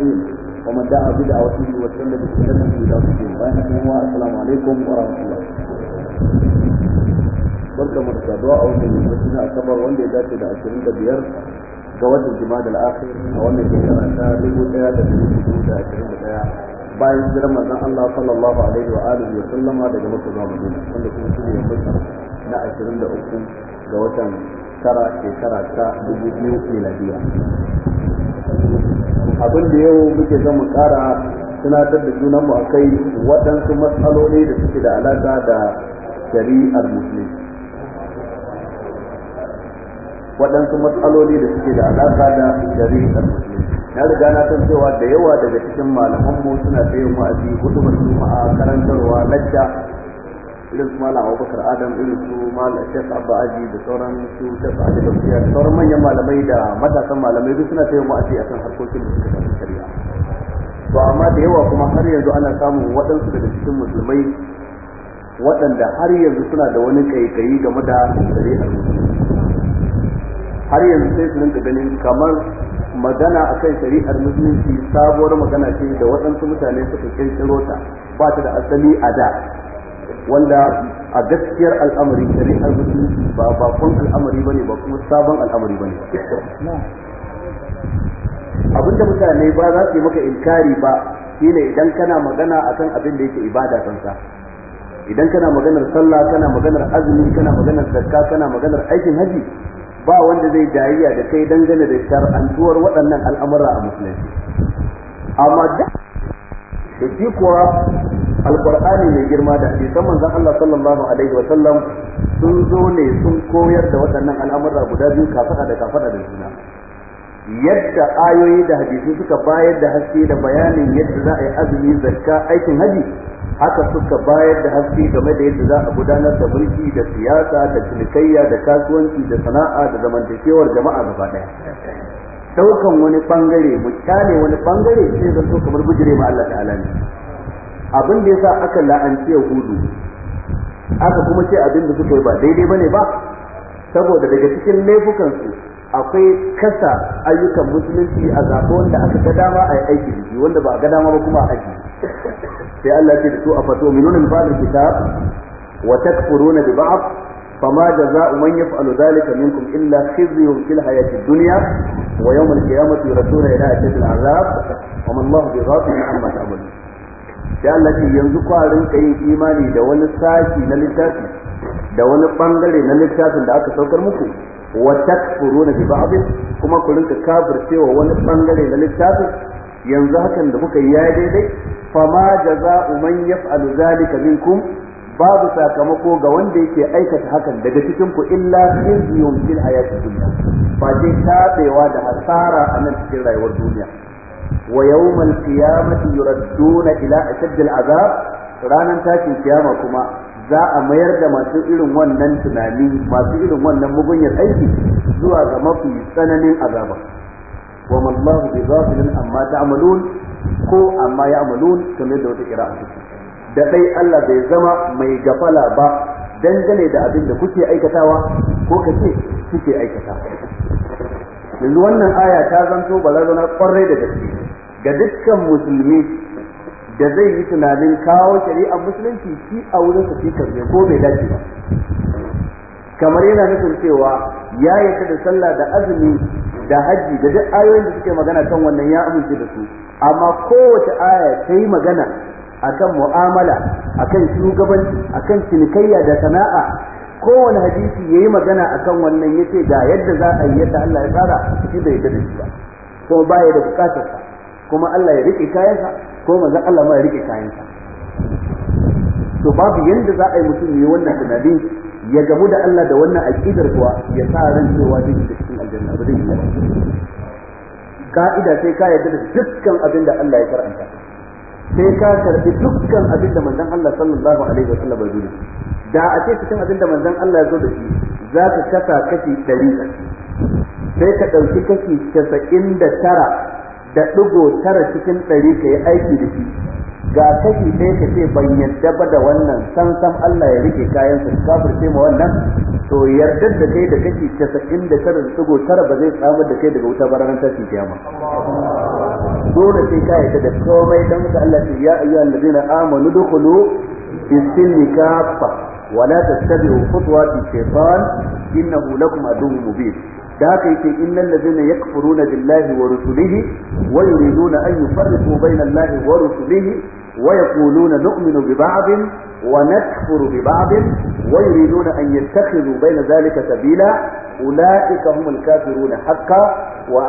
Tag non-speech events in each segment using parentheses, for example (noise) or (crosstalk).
الدين ومن دعا بدعوته وسلم بسنته الى يوم الدين السلام عليكم ورحمه الله barka mu da saduwa a wannan lokaci na asabar wanda ya dace da ashirin da biyar ga watan jima'a al-akhir a wannan shekara ta dubu daya da dubu hudu da ashirin da daya bayan jiran manzon Allah sallallahu alaihi wa alihi wa sallama daga Makka zuwa Madina wanda kuma shi ne na ashirin ga watan tara shekara ta dubu biyu miladiya abin da yau muke zama kara tunatar da junanmu a kai waɗansu matsaloli da suke da alaƙa da shari'ar musulunci waɗansu matsaloli da suke da alaƙa da shari'ar na riga na san cewa da yawa daga cikin malamanmu suna a wa'azi hudu juma'a karantarwa lacca irin su malam abubakar adam irin su malam shek abba aji da sauran su shek aji da sauran manyan malamai da matasan malamai duk suna taimako a akan harkokin da suka shafi shari'a to amma da yawa kuma har yanzu ana samun waɗansu daga cikin musulmai waɗanda har yanzu suna da wani kaikayi game da shari'ar har yanzu sai su rinka ganin kamar magana a kan shari'ar musulunci sabuwar magana ce da waɗansu mutane suka kirkiro ta ba ta da asali a da wanda a gaskiyar al'amari shari'ar musulunci ba bakon al'amari bane ba kuma sabon al'amari bane abinda mutane ba za su yi maka inkari ba shine idan kana magana akan abin da yake ibada kansa idan kana maganar sallah kana maganar azumi kana maganar zakka kana maganar aikin haji ba wanda zai dariya da kai dangane da shar'antuwar waɗannan al'amura a musulunci amma da shi kuwa alqur'ani mai girma da hadisan manzon Allah sallallahu alaihi wa sallam sun zo ne sun koyar da waɗannan al'amura guda biyu kafada da kafada da juna yadda ayoyi da hadisi suka bayar da haske da bayanin yadda za a yi azumi zakka aikin haji haka suka bayar da haske game da yadda za a gudanar da mulki da siyasa da cinikayya da kasuwanci da sana'a da zamantakewar jama'a gaba daya daukan wani bangare mu kyale wani bangare sai zan so kamar bujire ma Allah ta'ala ne abin da yasa aka la'anci yahudu aka kuma ce abin da suka yi ba daidai bane ba saboda daga cikin laifukan su akwai kasa ayyukan musulunci a zaɓe wanda aka ga dama a yi aiki da wanda ba a ga dama ba kuma a aji sai Allah ce da su a fato minuna bi ba'd kitab wa takfuruna bi ba'd فما جزاء من يفعل ذلك منكم إلا خزي في الحياة الدنيا ويوم Allah? يردون إلى أشد العذاب وما الله بغافل عما تعملون sai Allah yanzu kwarin ka imani da wani sashi na littafi da wani bangare na littafin da aka saukar muku wa takfuruna bi abin kuma ku rinka cewa wani bangare na littafin yanzu hakan da kuka yi ya daidai fama jaza'u man yaf'alu zalika minkum babu sakamako ga wanda yake aikata hakan daga cikin ku illa khizyun fil hayatid dunya ba dai tabewa da hasara a nan cikin rayuwar duniya ويوم na ila إلى أشد العذاب ranar tashin kiyama kuma za a mayar da masu irin wannan tunani masu irin wannan mugunyar aiki zuwa ga mafi tsananin azaba wa mallahu bi ghafilin amma ta'malun ko amma ya'malun kamar da wata kira'a take da dai Allah bai zama mai gafala ba dangane da abin da kuke aikatawa ko kace kuke aikatawa yanzu wannan aya ta zanto barazana kwarai da gaske ga dukkan musulmi da zai yi tunanin kawo shari'ar musulunci shi a wurin sa shi karbe ko mai dace ba kamar yana nufin cewa ya yarda da sallah da azumi da hajji da duk ayoyin da suke magana kan wannan ya amince da su amma kowace aya ta yi magana akan mu'amala akan shugabanci akan cinikayya da sana'a kowane hadisi ya yi magana a kan wannan ya ce, ga yadda za a yi yadda Allah ya tsara shi bai yadda da shi ba kuma ba ya da bukatarsa kuma Allah ya rike kayansa ko manzon Allah ma ya rike kayansa to babu yadda za a yi mutum yi wannan tunani ya gamu da Allah da wannan aqidar kuwa ya sa ran cewa zai da cikin aljanna ba zai ba ka'ida sai ka yarda da dukkan abin da Allah ya karanta sai ka karbi dukkan abin da manzon Allah sallallahu alaihi wasallam ya nuna da a ce cikin abin da manzon Allah ya zo da shi za ka kasa kashi 100 sai ka ɗauki kashi 99 da tara da ɗigo tara cikin 100 ka yi aiki da shi ga kashi ɗaya ka ce ban yadda ba da wannan san san Allah ya rike kayan su sai ma wannan to yardar da kai da kashi 99 da tara 9 tara ba zai samar da kai daga wuta ba ranar tashin kiyama dole sai ka yi da komai dan Allah ya ayyuhal ladina amanu dukhulu fi silmi wala tattabi'u khutuwati shaytan innahu lakum aduwwun mubin da haka yake innal ladina yakfuruna billahi wa rusulihi wa yuriduna an yufarriqu bayna allahi wa rusulihi wa yaquluna nu'minu bi ba'din wa nakfuru bi ba'din wa yuriduna an yattakhidhu bayna dhalika sabila ulaika humul kafiruna haqqan wa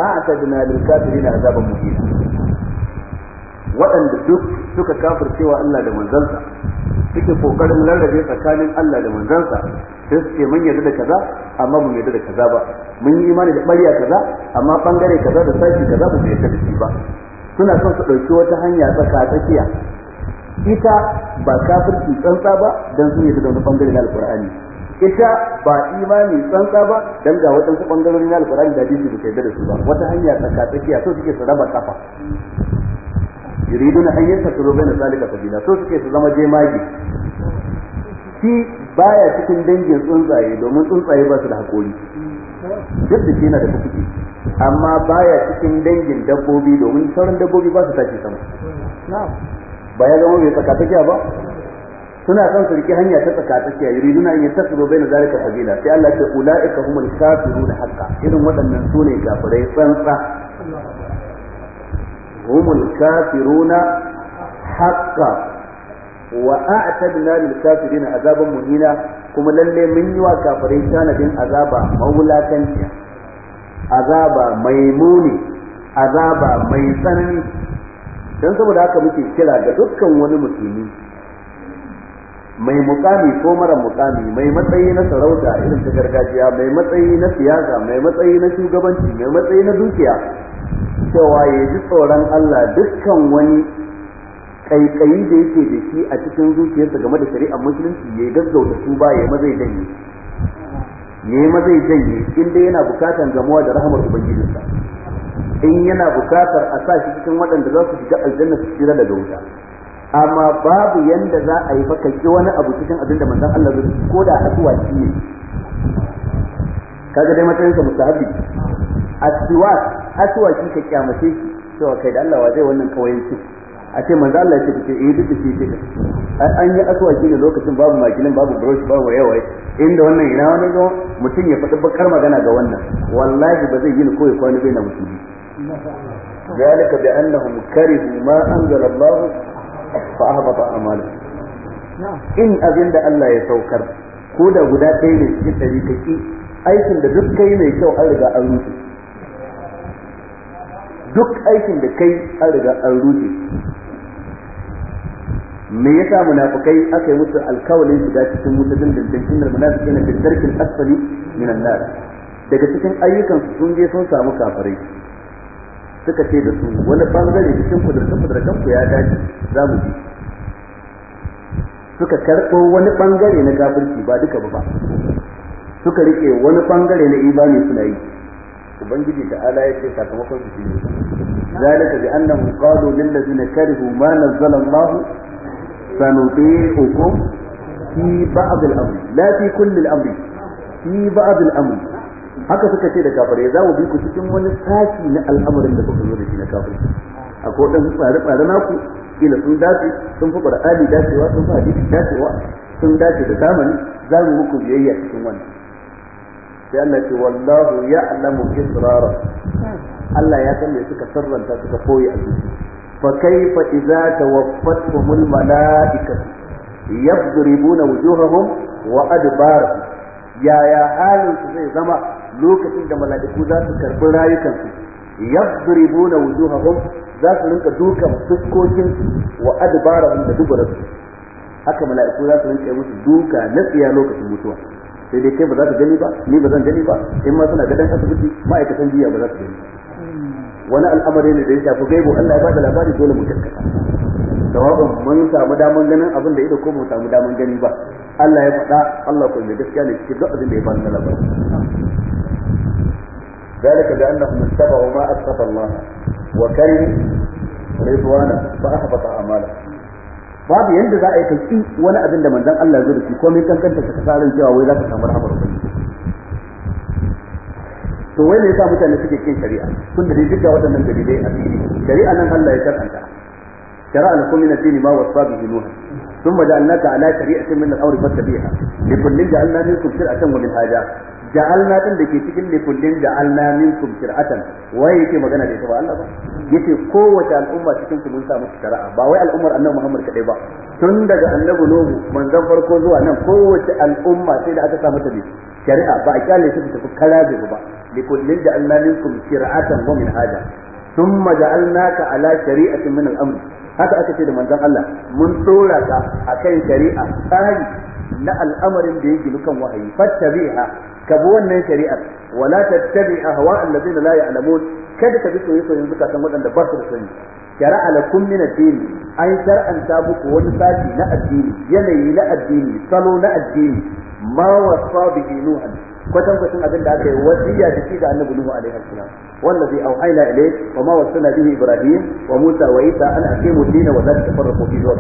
waɗanda duk suka Allah da manzansa suke kokarin rarrabe tsakanin Allah da manzansa sai suke mun yarda da kaza amma mu yarda da kaza ba mun yi imani da ɓarya kaza amma bangare kaza da sashi kaza ba su yarda da shi ba suna son su ɗauki wata hanya tsaka tsakiya ita ba kafirci tsantsa ba dan sun yarda da wani bangare na alkur'ani ita ba imani tsantsa ba dan ga wadansu bangarori na alqur'ani da hadisi ba yarda da su ba wata hanya tsaka tsakiya so suke su raba kafa yuriduna an yastaqru baina salika fadila so suke su zama jemage shi baya cikin dangin tsuntsaye domin tsuntsaye ba su da haƙori, duk da shi yana da kuɗi amma baya cikin dangin dabbobi domin sauran dabbobi ba su tashi sama ba ya zama mai tsakatsakiya ba suna son su riƙe hanya ta tsakatsakiya yuriduna an yastaqru baina salika fadila sai Allah ya ce ulaika humul kafiruna haqqan irin waɗannan sune gafurai tsantsa humul kafiruna haqqan wa a'tadna lil kafirina azaban muhina kuma lalle mun yi wa kafirai tanadin azaba mawulakanci azaba mai muni azaba mai tsanani dan saboda haka muke kira ga dukkan wani musulmi mai mukami ko mara mukami mai matsayi na sarauta irin ta gargajiya mai matsayi na siyasa mai matsayi na shugabanci mai matsayi na dukiya cewa ya ji tsoron Allah dukkan wani kaikayi da yake da shi a cikin zuciyarsa game da shari'ar musulunci ya gaggauta su ba ya mazai janye ya zai janye in dai yana bukatar gamuwa da rahamar ubangijinsa in yana bukatar a sa shi cikin waɗanda za su shiga aljanna su tsira da wuta amma babu yanda za a yi maka ki wani abu cikin abinda da manzon Allah zai ko da asuwa shi ne kaga dai matsayin sa mustahabi aswak shi ka kyamace shi cewa kai da Allah wa zai wannan kawayanci a ce manzo Allah ce ce eh duk shi ce an yi shi ne lokacin babu makilin babu brush babu waye inda wannan ina wani zo mutum ya faɗi bakar magana ga wannan wallahi ba zai yi ko ya kwana bai na musulmi ذلك بأنهم كرهوا ما أنزل الله فأهبط أعمالهم in abinda Allah ya saukar ko da guda ɗaya ne cikin ɗari kaki aikin da duk kai mai kyau an riga an rufe duk aikin da kai an riga an rushe me yasa munafikai aka yi musu alkawalin shiga cikin wuta dindindin innal munafiqina fi darkil asfali min an-nar daga cikin ayyukan su sun je sun samu kafirai suka ce da su wani bangare cikin kudurce-kudurcen ku ya dace za mu ji suka karɓo wani bangare na gafirci ba duka ba suka rike wani bangare na imani suna yi ubangiji da ala ya ce sakamakon su shine zalika bi annahum qalu lil ladina karihu ma nazzala Allah sanuti'ukum fi ba'd al-amr la fi kulli al-amr fi ba'd al-amr haka suka ce da kafare za mu bi ku cikin wani sashi na al'amarin da kuka zo da shi na kafare akwai wadansu tsare-tsare naku kila sun dace sun fi qur'ani dacewa sun fi hadisi dacewa sun dace da zamani za mu muku biyayya cikin wannan sai Allah ce wallahu ya'lamu israra Allah ya san me suka sarranta suka koyi a zuci fa kaifa idza tawaffatuhumul malaikatu yadribuna wujuhahum wa adbarahum yaya halin su zai zama lokacin da mala'iku za su karbi rayukansu yadribuna wujuhahum za su rinka dukan fuskokin wa adbarahum da dubararsu haka mala'iku za su rinka musu duka na tsiya lokacin mutuwa sai dai kai ba za ka gani ba ni ba zan gani ba in ma suna gadon asibiti ma'aikatan jiya ba za su gani wani al'amari ne da ya shafi gaibo Allah ya bada labari dole mu gaskata sawabin mun samu daman ganin abin da ido ko mu samu daman gani ba Allah ya faɗa Allah ko mai gaskiya ne cikin duk abin da ya bada na labari ذلك بأنهم اتبعوا ما أسخط الله وكرهوا رضوانه فأحبط أعمالهم babu yadda za a yi ka wani abin da manzon Allah zai rufi komai kankanta ka tsarin cewa wai za ka samu rahmar ubangiji to wai me yasa mutane suke kin shari'a kun da duk da waɗannan dalilai a fili shari'a nan Allah ya karanta shari'a lakum min ad a ma wasa bihi nuh ثم جعلناك على شريعة من الأمر فاتبعها لكل a can شرعة haja. ja'alna din da ke cikin ne kullin ja'alna minkum shir'atan waye yake magana da ita ba Allah ba yace kowace al'umma cikin mun samu musu shari'a ba wai al'ummar annabi Muhammad kadai ba tun daga annabi Nuhu manzon farko zuwa nan kowace al'umma sai da aka samu mata shari'a ba a kyale su tafi kalabi ba li kullin ja'alna minkum shir'atan wa min haja thumma ja'alnaka ala shari'atin min al-amr haka aka ce da manzon Allah mun dora ka akan shari'a tsari na al'amarin da ya ginu wahayi fattabiha ka bi wannan shari'ar wala tattabi ahwa allazina la ya'lamun kada ka bi soyayyen zukatan waɗanda ba su da sani shara'a lakum min ad-din an shar'anta muku wani sati na addini yanayi na addini salo na addini ma wasa bihi kwatankwacin abin da aka yi wasiya da shi ga annabi nuhu alaihi salam wallazi auhayna ilai wa ma wasana bihi ibrahim wa musa wa isa an aqimu dina wa la tafarraqu fi dawr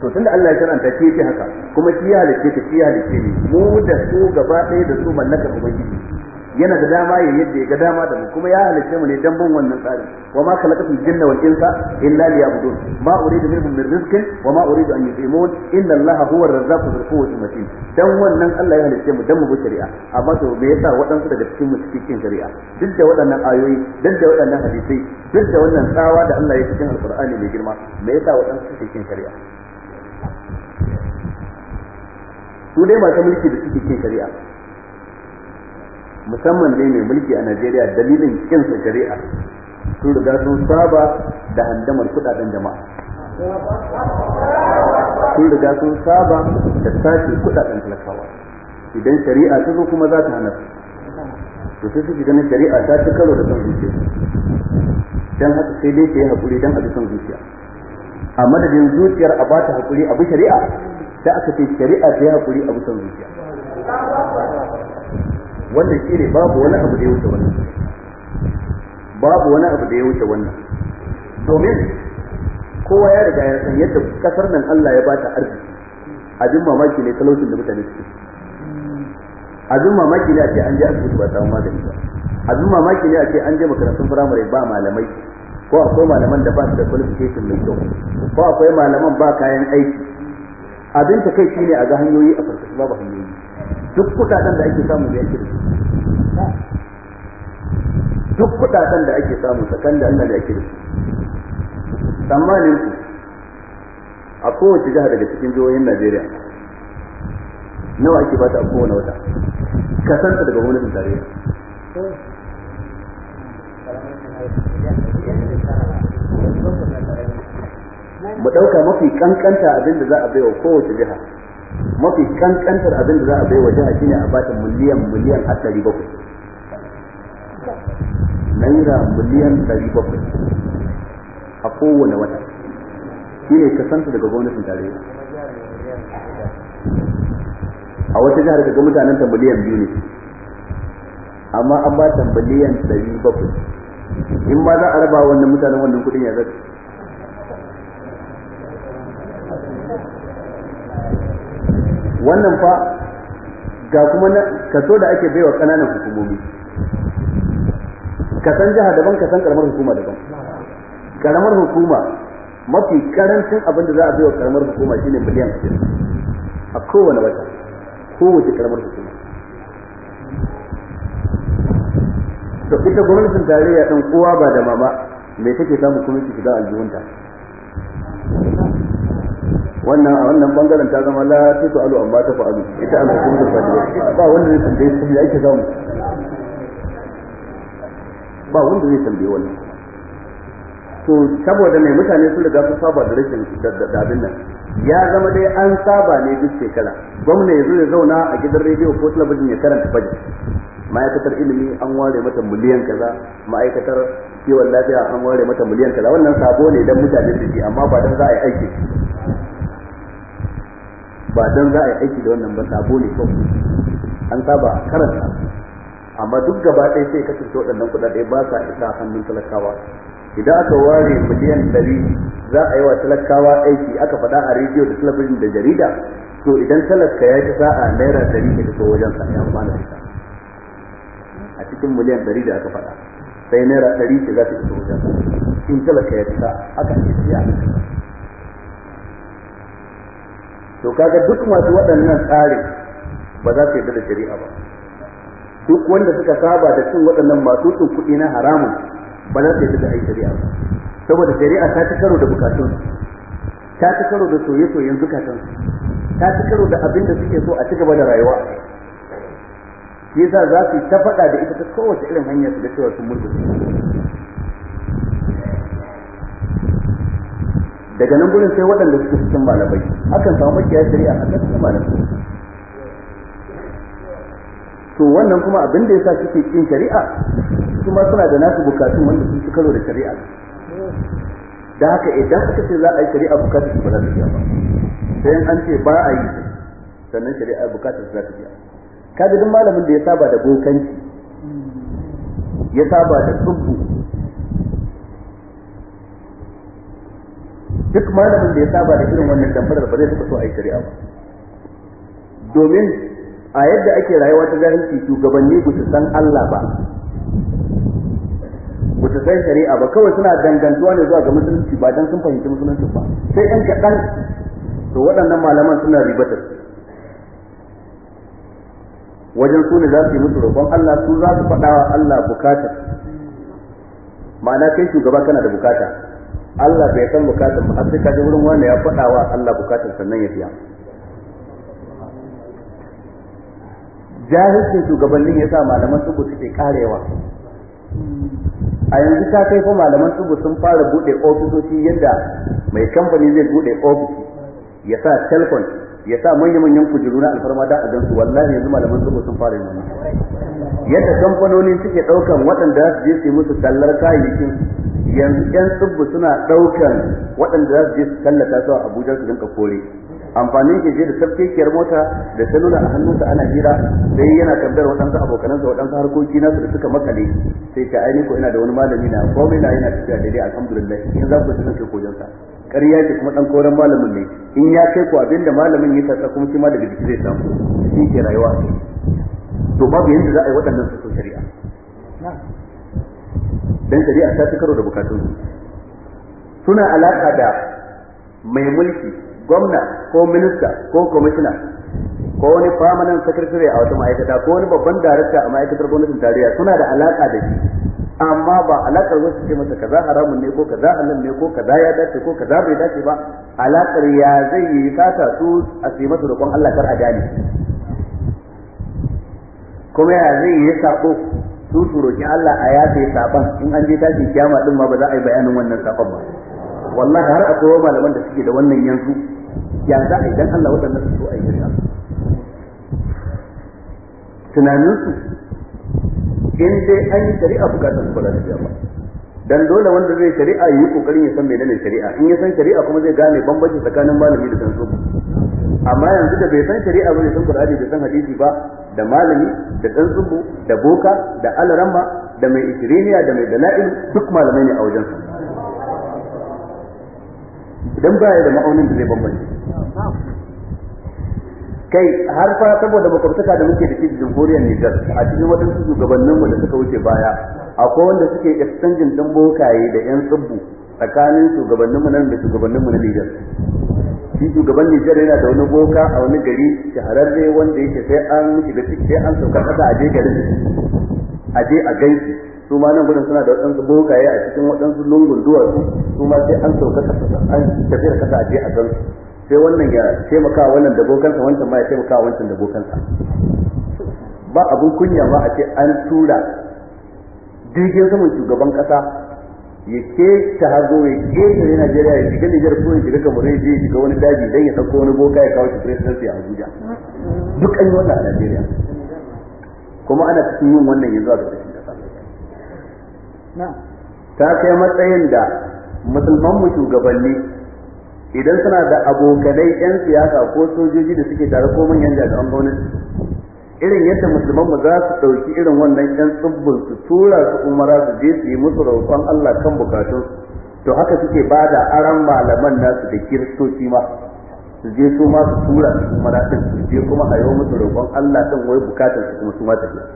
to tunda Allah ya karanta ce haka kuma shi ya halice ta shi ya halice ni mu da su gaba ɗaya da su mallakar ubangiji yana da dama ya yadda ya ga dama da mu kuma ya halitta mu ne dan bin wannan tsari wa ma khalaqatul jinna wal insa illa liya'budun ma uridu minhum min rizqin wa ma uridu an yut'imun inna allaha huwa ar-razzaqu dhul quwwati matin dan wannan Allah ya halitta mu dan mu bi shari'a amma to me yasa waɗansu daga cikin mu cikin shari'a duk da waɗannan ayoyi duk da waɗannan hadisai duk da wannan tsawa da Allah ya cikin alqur'ani mai girma me yasa waɗansu cikin shari'a su dai masu mulki da suke cikin shari'a musamman dai mai mulki a Najeriya dalilin kin sa shari'a sun riga sun saba da handamar kudaden jama'a sun riga sun saba da tashi kudaden talakawa idan shari'a ta zo kuma za ta hana su to sai suke ganin shari'a ta ci karo da son zuciya dan haka sai dai ta yi hakuri dan a son zuciya a madadin zuciyar a ba ta hakuri abu shari'a ta aka ce shari'a ta yi hakuri abu son zuciya wannan ne babu wani abu da ya wuce wannan babu wani abu da ya wuce wannan domin kowa ya riga ya san yadda kasar nan Allah ya bata arziki abin mamaki ne talaucin da mutane suke abin mamaki ne a ce an je asibiti ba samu magani ba abin mamaki ne a ce an je makarantun firamare ba malamai ko akwai malaman da ba su da qualification mai kyau ko akwai malaman ba kayan aiki abin ta kai shine a ga hanyoyi a farkashi babu hanyoyi duk kudaden da ake samu da yake duk kudaden da ake samu tsakan da Allah da yake tsammanin ku a kowace jiha daga cikin jihohin Najeriya nawa ake bata a kowane wata kasanta daga gwamnatin tarayya mu ɗauka mafi kankanta abinda za a baiwa kowace jiha mafi kankantar abin da za a bai wa jiha shine a bata miliyan miliyan a ɗari bakwai naira miliyan ɗari bakwai a kowane wata shine kasanta daga gwamnatin tarayya a wata jihar daga mutanen ta miliyan biyu ne amma an ba ta miliyan ɗari bakwai in ma za a raba wannan mutanen wannan kuɗin ya zata. wannan fa ga kuma kaso da ake baiwa kananan hukumomi ka san jiha daban ka san karamar hukuma daban karamar hukuma mafi karancin abin da za a baiwa karamar hukuma shine miliyan 20 a kowane wata kowace karamar hukuma to ita gwamnatin tarayya ɗan kowa ba da mama mai take samun kuma ki shiga aljihunta wannan a wannan bangaren ta zama la ta su alu amma ta alu ita an tafi da fadi ba wanda zai tambaye su ya yake zamu ba wanda zai tambaye wannan to saboda mai mutane sun riga sun saba da rashin da abin nan ya zama dai an saba ne duk shekara gwamna ya zo ya zauna a gidan rediyo ko talabijin ya karanta fadi ma'aikatar ilimi an ware mata miliyan kaza ma'aikatar kiwon lafiya an ware mata miliyan kaza wannan sabo ne dan mutane su amma ba dan za a yi aiki ba don za a yi aiki da wannan ba sabo ne kawai an saba a karanta amma duk gaba ɗaya sai ka kasance waɗannan kuɗaɗe ba sa isa hannun talakawa idan aka ware miliyan ɗari za a yi wa talakawa aiki aka faɗa a rediyo da talabijin da jarida to idan talaka ya ci sa'a naira ɗari ka ta wajen sa ya amfana da ita a cikin miliyan ɗari da aka faɗa sai naira ɗari ce za ta fito wajen in talaka ya ci sa'a aka ce siya to kaga duk masu waɗannan tsarin ba za su yi da shari'a ba duk wanda suka saba da cin waɗannan masu cin kuɗi na haramun ba za su yi da shari'a ba saboda shari'a ta ci karo da bukatun ta ci karo da soye-soyen zukatan ta ci karo da abin da suke so a ci gaba da rayuwa shi yasa za su ta faɗa da ita ta kowace irin hanyar su da cewa sun mulki daga nan gurin sai waɗanda suke cikin malamai akan samu makiya shari'a a kan cikin malamai to wannan kuma abin da yasa suke cikin shari'a kuma suna da nasu bukatun wanda sun ci karo da shari'a da haka idan aka ce za a yi shari'a bukatar su ba za ta biya ba sai an ce ba a yi sannan shari'a bukatun su za ta biya kaga duk malamin da ya saba da bokanci ya saba da tsubbu duk malamin da ya saba da irin wannan damfarar ba zai taɓa so a yi shari'a ba domin a yadda ake rayuwa ta jahilci shugabanni ba su san Allah ba ba su san shari'a ba kawai suna dangantuwa ne zuwa ga musulunci ba don sun fahimci musulunci ba sai ɗan kaɗan to waɗannan malaman suna ribatar wajen su ne za su yi musu roƙon Allah su za su faɗa wa Allah bukatar ma'ana kai shugaba kana da bukata Allah bai san bukatun ba har sai ka wurin wanda ya faɗa wa Allah bukatun sannan ya biya jahilcin shugabannin ya sa malaman su suke karewa a yanzu ta kai fa malaman su sun fara buɗe ofisoshi yadda mai kamfani zai buɗe ofis ya sa telefon ya sa manyan manyan kujeru na alfarma da a gansu wallahi yanzu malaman su sun fara yin yadda kamfanoni suke ɗaukan waɗanda za su je su musu tallar kayayyakin yanzu yan tsibbu suna ɗaukan waɗanda za su je su tallata su a abuja su rinka kore amfanin keje da tafkekiyar mota da salula a hannunsa ana hira sai yana tambayar waɗansu abokanansa waɗansu harkoki nasu da suka makale sai ta aini ko ina da wani malami na komai na yana tafiya daidai alhamdulillah in za ku tuna kai koyon sa ƙarya ce kuma ɗan koren malamin ne in ya kai ku abinda malamin ya tasa kuma shi ma daga jiki zai samu shi ke rayuwa to babu yadda za a yi waɗannan su shari'a dan shari'a ta fi karo da bukatun su suna alaka da mai mulki gwamna ko minista ko kwamishina ko wani famanan sakirtare a wata ma'aikata ko wani babban darakta a ma'aikatar gwamnatin tarayya suna da alaka da shi amma ba alakar wasu ce masa kaza haramun ne ko kaza halal ne ko kaza ya dace ko kaza bai dace ba alakar ya zai yi sata su a sai masa roƙon Allah kar a gane kuma ya zai yi sako su su roƙi Allah a yafe saban in an je tashi kiyama din ma ba za a yi bayanin wannan saban ba wallahi har akwai malaman da suke da wannan yanzu ya za a yi dan Allah wadannan su a yi tunanin tunaninsu in dai an yi shari'a bukatar su ba za su biya ba dan dole wanda zai shari'a yi kokarin ya san da shari'a in ya san shari'a kuma zai gane bambanci tsakanin malami da danzo amma yanzu da bai san shari'a ba ne san qur'ani bai san hadisi ba da malami da dan tsubu da boka da alaramma da mai ikiriniya da mai dala'il duk malamai ne a wajen su idan baya da ma'aunin da zai bambance kai har fa saboda makwabtaka da muke da shi jamhuriyar Nijar a cikin waɗansu shugabanninmu da suka wuce baya akwai wanda suke exchanging din bokaye da yan tsubbu tsakanin shugabanninmu nan da shugabanninmu na Nijar shi shugaban Nijar yana da wani boka a wani gari shahararre wanda yake sai an shiga ciki sai an sauka kasa a je garin a je a gaiki su ma nan gudun suna da waɗansu bokaye a cikin waɗansu lungun duwatsu su ma sai an sauka kasa an kasa a je a gansu sai wannan ya taimaka wannan da bokansa wancan ma ya taimaka wancan da bokansa ba abun kunya ma a ce an tura jirgin saman shugaban kasa ya ke ta hazo ya ke tare Najeriya ya shiga Nijar ko ya shiga kamar ya ya shiga wani daji don ya sauko wani boka ya kawo shi presidency a Abuja duk an yi wannan a Najeriya kuma ana cikin yin wannan yanzu a ƙarƙashin ƙasa ta kai matsayin da musulman mu shugabanni idan suna da abokanai yan siyasa ko sojoji da suke tare ko manyan jami'an gwamnati irin yadda musulman mu za su ɗauki irin wannan yan tsibbin su tura su umara su je su yi musu roƙon Allah kan bukatun to haka suke bada aran malaman nasu da kiristoci ma su je su ma su tura su umara din su je kuma a yi musu roƙon Allah kan wai bukatun su kuma su ma tafiya.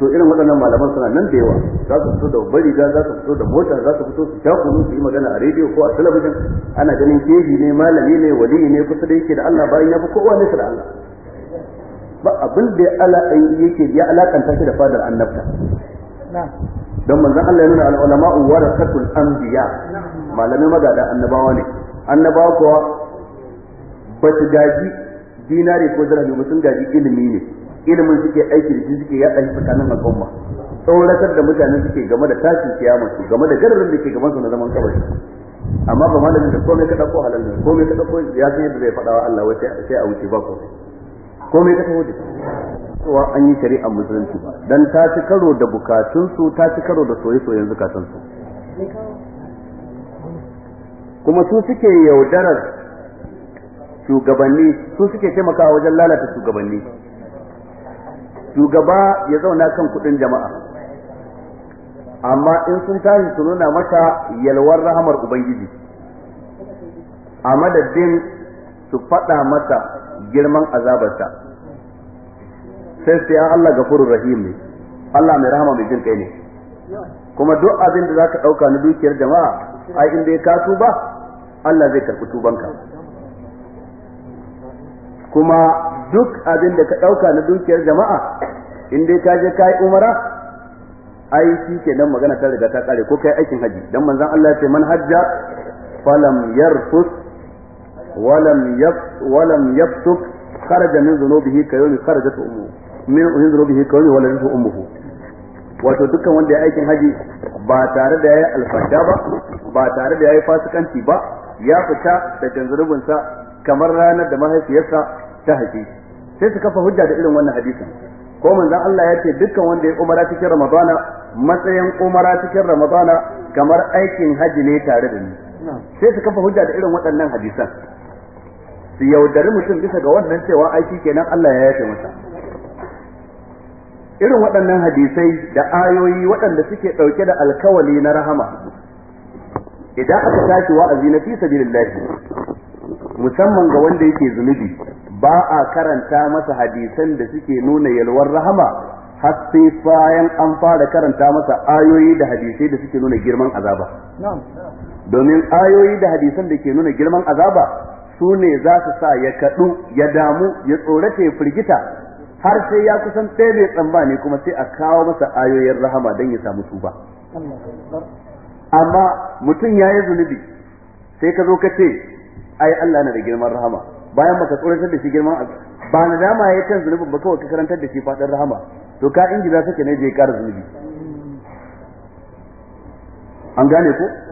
to irin waɗannan malaman suna nan da yawa za su fito da bari riga za su fito da mota za su fito su jaku su yi magana a rediyo ko a talabijin ana ganin keji ne malami ne wali ne kusa da yake da Allah bayan ya fi kowa su da Allah ba abin da ya ala eh, yake ya alakanta shi da fadar annabta don manzon Allah ya nuna al-ulama rasul anbiya malami magada annabawa ne annabawa kuwa ba su gaji dinare ko dirhami ba sun gaji ilimi ne ilimin suke aiki da suke yaɗa shi tsakanin al'umma tsoratar da mutane suke game da tashin kiyama su game da garin da ke gaban su na zaman kabari amma ba malamin da komai ka dauko halal ne komai ka dauko ya san yadda zai faɗa wa Allah wai sai a wuce ba ko komai ka taho da cewa an yi shari'a musulunci ba dan ta ci karo da bukatunsu ta ci karo da soye-soyen zukatansu kuma su suke yaudarar shugabanni su suke taimakawa wajen lalata shugabanni shugaba ya zauna kan kudin jama'a amma in sun tashi su nuna masa yalwar rahamar ubangiji a madadin su faɗa masa girman azabarsa sai sai Allah gafurur rahim ne Allah mai rahama mai jin kai ne kuma duk abin da zaka dauka na dukiyar jama'a ai in ya ka tuba Allah zai karbi tubanka kuma duk abin da ka dauka na dukiyar jama'a in dai ka je kai umara ai shi nan magana ta riga ta kare ko kai aikin haji dan manzon Allah ya ce man hajja falam yarfus ولم يب ولم يبتك خرج من ذنوبه كيوم خرجت امه من ذنوبه كيوم ولدته امه wato dukkan wanda ya aikin haji ba tare da ya yi alfasha ba ba tare da ya yi fasikanci ba ya fita da sa kamar ranar da mahaifiyarsa ta haji sai su kafa hujja da irin wannan hadisin ko manzon Allah ya ce dukkan wanda ya umara cikin Ramadana matsayin umara cikin Ramadana kamar aikin haji ne tare da ni sai su kafa hujja da irin waɗannan hadisan su yaudari mutum bisa ga wannan cewa ai kenan Allah ya yafe masa irin waɗannan hadisai da ayoyi waɗanda suke ɗauke da alkawali na rahama idan aka tashi wa'azi na fi sabilillah musamman ga wanda yake zunubi ba a karanta masa hadisan da suke nuna yalwar rahama har sai bayan an fara karanta masa ayoyi da hadisai da suke nuna girman azaba domin ayoyi da hadisan da ke nuna girman azaba su ne za su sa ya kaɗu ya damu ya tsorata ya firgita har sai ya kusan ɗaya tsammani kuma sai a kawo masa ayoyin rahama don ya samu tuba amma mutum ya yi zunubi sai ka zo ka ce ai Allah na da girman rahama bayan baka tsoratar da shi girman ba na dama ya kan zunubin ba kawai ka karantar da shi faɗin rahama to ka ingiza sake ne je ya ƙara zunubi an gane ko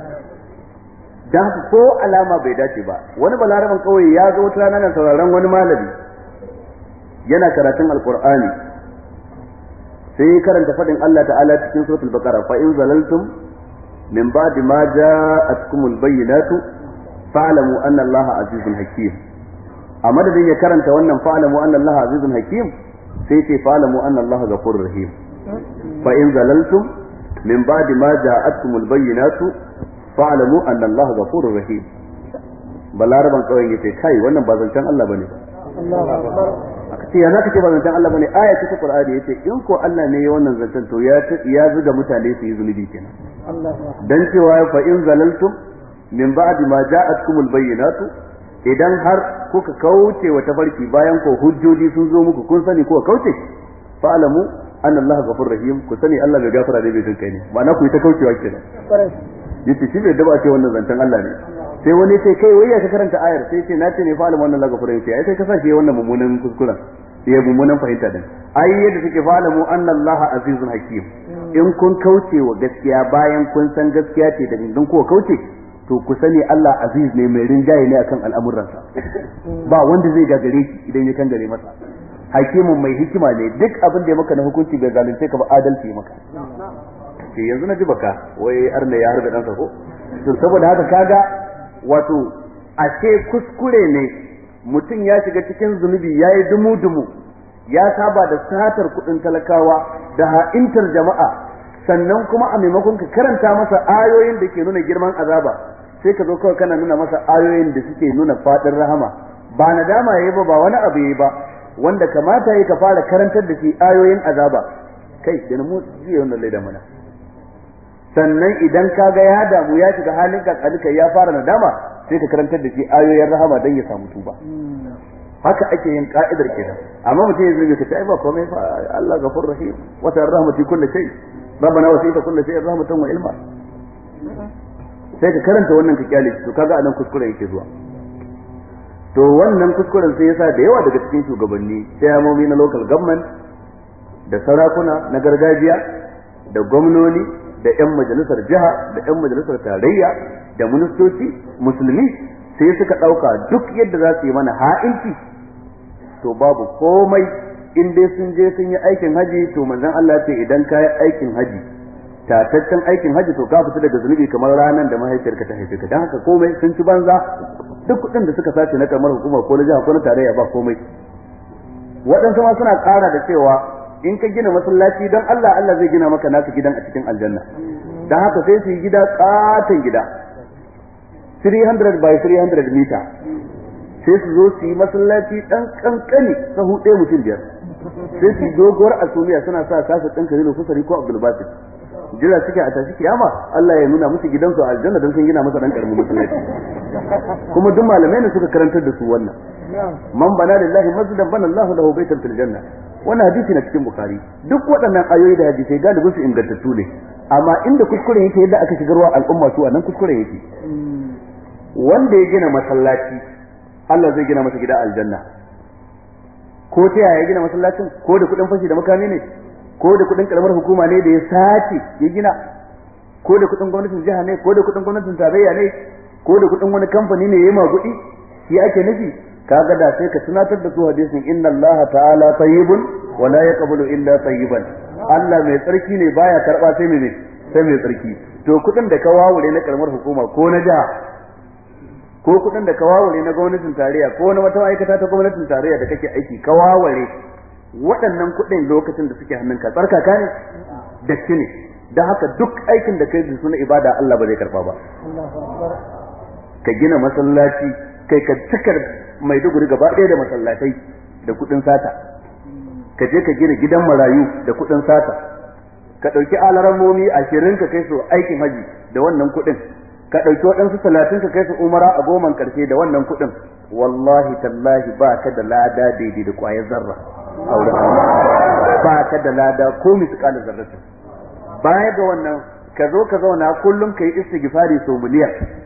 da haka ko alama bai dace ba wani balaraban kawai ya zo wata rana na sauraron wani malami yana karatun alqur'ani sai ya karanta fadin Allah ta'ala cikin suratul baqara fa in zalaltum min ba'di ma ja'atkumul bayyinatu fa'lamu anna Allah azizun hakim a madadin ya karanta wannan fa'lamu anna Allah azizun hakim sai ce fa'lamu anna Allah ghafurur rahim fa in zalaltum min ba'di ma ja'atkumul bayyinatu fa'alamu anna Allah ghafurur rahim balaraban kawai yace kai wannan ba zancan Allah bane aka ce ya ka ce ba zancen Allah bane aya ta Qur'ani yace in ko Allah ne ya wannan zancan to ya ya zuga mutane su yi zunubi kenan dan cewa fa in zalaltum min ba'di ma ja'atkumul bayyinatu idan har kuka kauce wa tafarki bayan ko hujjoji sun zo muku kun sani ko kauce fa'alamu anna Allah ghafurur rahim ku sani Allah bai gafara da bai jinkai ne ma'ana ku yi ta kaucewa kenan yace shi bai daba ce wannan zancen Allah ne sai wani sai kai wai ya ka karanta ayar sai ce na ce ne fa'alim wannan laga fure sai ai ka sa wannan mummunan kuskuren ya mummunan fahimta din ai yadda take fa'alamu anna Allah azizun hakim in kun kauce wa gaskiya bayan kun san gaskiya ce da dindin ko kauce to ku sani Allah aziz ne mai rinjaye ne akan al'amuransa mm. ba wanda zai gagare shi idan ya kangare masa hakimin mai hikima ne duk abin da ya maka na hukunci ga zalunce ka ba adalci maka ce yanzu na ji baka wai arna ya harbe ɗansa ko to saboda haka kaga wato ashe kuskure ne mutum ya shiga cikin zunubi ya yi dumu-dumu ya saba da satar kuɗin talakawa da ha'intar jama'a sannan kuma a maimakon ka karanta masa ayoyin da ke nuna girman azaba sai ka zo kawai kana nuna masa ayoyin da suke nuna faɗin rahama ba nadama yi ba ba wani abu ya yi ba wanda kamata yayi ka fara karantar da shi ayoyin azaba kai da mu jiya wannan laida mana sannan idan ka ga ya damu ya shiga halin kakalika ya fara nadama sai ka karantar da shi ayoyin rahama don ya samu tuba haka ake yin ka'idar kenan amma mutum ya zirga ka ce ai ba komai fa Allah ghafur rahim wa ta rahmati kullu shay rabbana wasita kullu shay rahmatan wa ilma sai ka karanta wannan ka kyale to kaga anan kuskure yake zuwa to wannan kuskuren sai yasa da yawa daga cikin shugabanni chairmomi na local government da sarakuna na gargajiya da gwamnoni da yan majalisar jiha da yan majalisar tarayya da ministoci musulmi sai suka ɗauka duk yadda za su yi mana ha'inci to babu komai in dai sun je sun yi aikin haji to manzon Allah ce idan ka yi aikin haji tataccen aikin haji to ka fita daga zunubi kamar ranar da mahaifiyarka ta haife ka dan haka komai sun ci banza duk kuɗin da suka sace na kamar hukuma ko na jiha ko na tarayya ba komai waɗansu ma suna ƙara da cewa in ka gina masallaci don Allah Allah zai gina maka naka gidan a cikin aljanna Don haka sai su yi gida katon gida 300 by 300 mita sai su zo su yi masallaci dan kankani ka hude mutum biyar sai su doguwar asumiya suna sa kasa ɗan kare fusari ko Basit jira suke a tashi kiyama Allah ya nuna musu gidansu a aljanna don sun gina masa dan karamin masallaci kuma duk malamai ne suka karantar da su wannan man bana lillahi masjidan bana Allahu lahu baitan fil janna wannan hadisi na cikin bukari duk waɗannan ayoyi da hadisai galibin su ingantattu ne amma inda kuskure yake yadda aka wa al'umma su nan kuskure yake wanda ya gina masallaci Allah zai gina masa gida aljanna ko ta yaya ya gina masallacin ko da kuɗin fashi da makami ne ko da kuɗin karamar hukuma ne da ya sace ya gina ko da kuɗin gwamnatin jiha ne ko da kuɗin gwamnatin tarayya ne ko da kuɗin wani kamfani ne ya yi maguɗi shi ake nufi kaga da sai ka tunatar da su hadisin inna allaha ta'ala tayyibun wa la yaqbalu illa tayyiban Allah mai tsarki ne baya karba sai mai sai mai tsarki to kudin da ka wawure na karamar hukuma ko na jiha ko kudin da ka wawure na gwamnatin tarayya ko na wata ma'aikata ta gwamnatin tarayya da kake aiki ka wawure waɗannan kudin lokacin da suke hannunka tsarkaka ne datti ne da haka duk aikin da kai da suna ibada Allah ba zai karba ba ka gina masallaci kai ka cikar maiduguri gaba ɗaya da masallatai da kuɗin sata ka je ka gina gidan marayu da kuɗin sata ka ɗauki alarammomi ashirin ka kai su aikin haji da wannan kuɗin ka ɗauki waɗansu talatin ka kai su umara a goman ƙarshe da wannan kuɗin wallahi tallahi ba ka da lada daidai da ƙwayar zarra a wurin ba ka da lada ko misƙalin zarratin baya ga wannan ka zo ka zauna kullum ka yi istigifari sau miliyan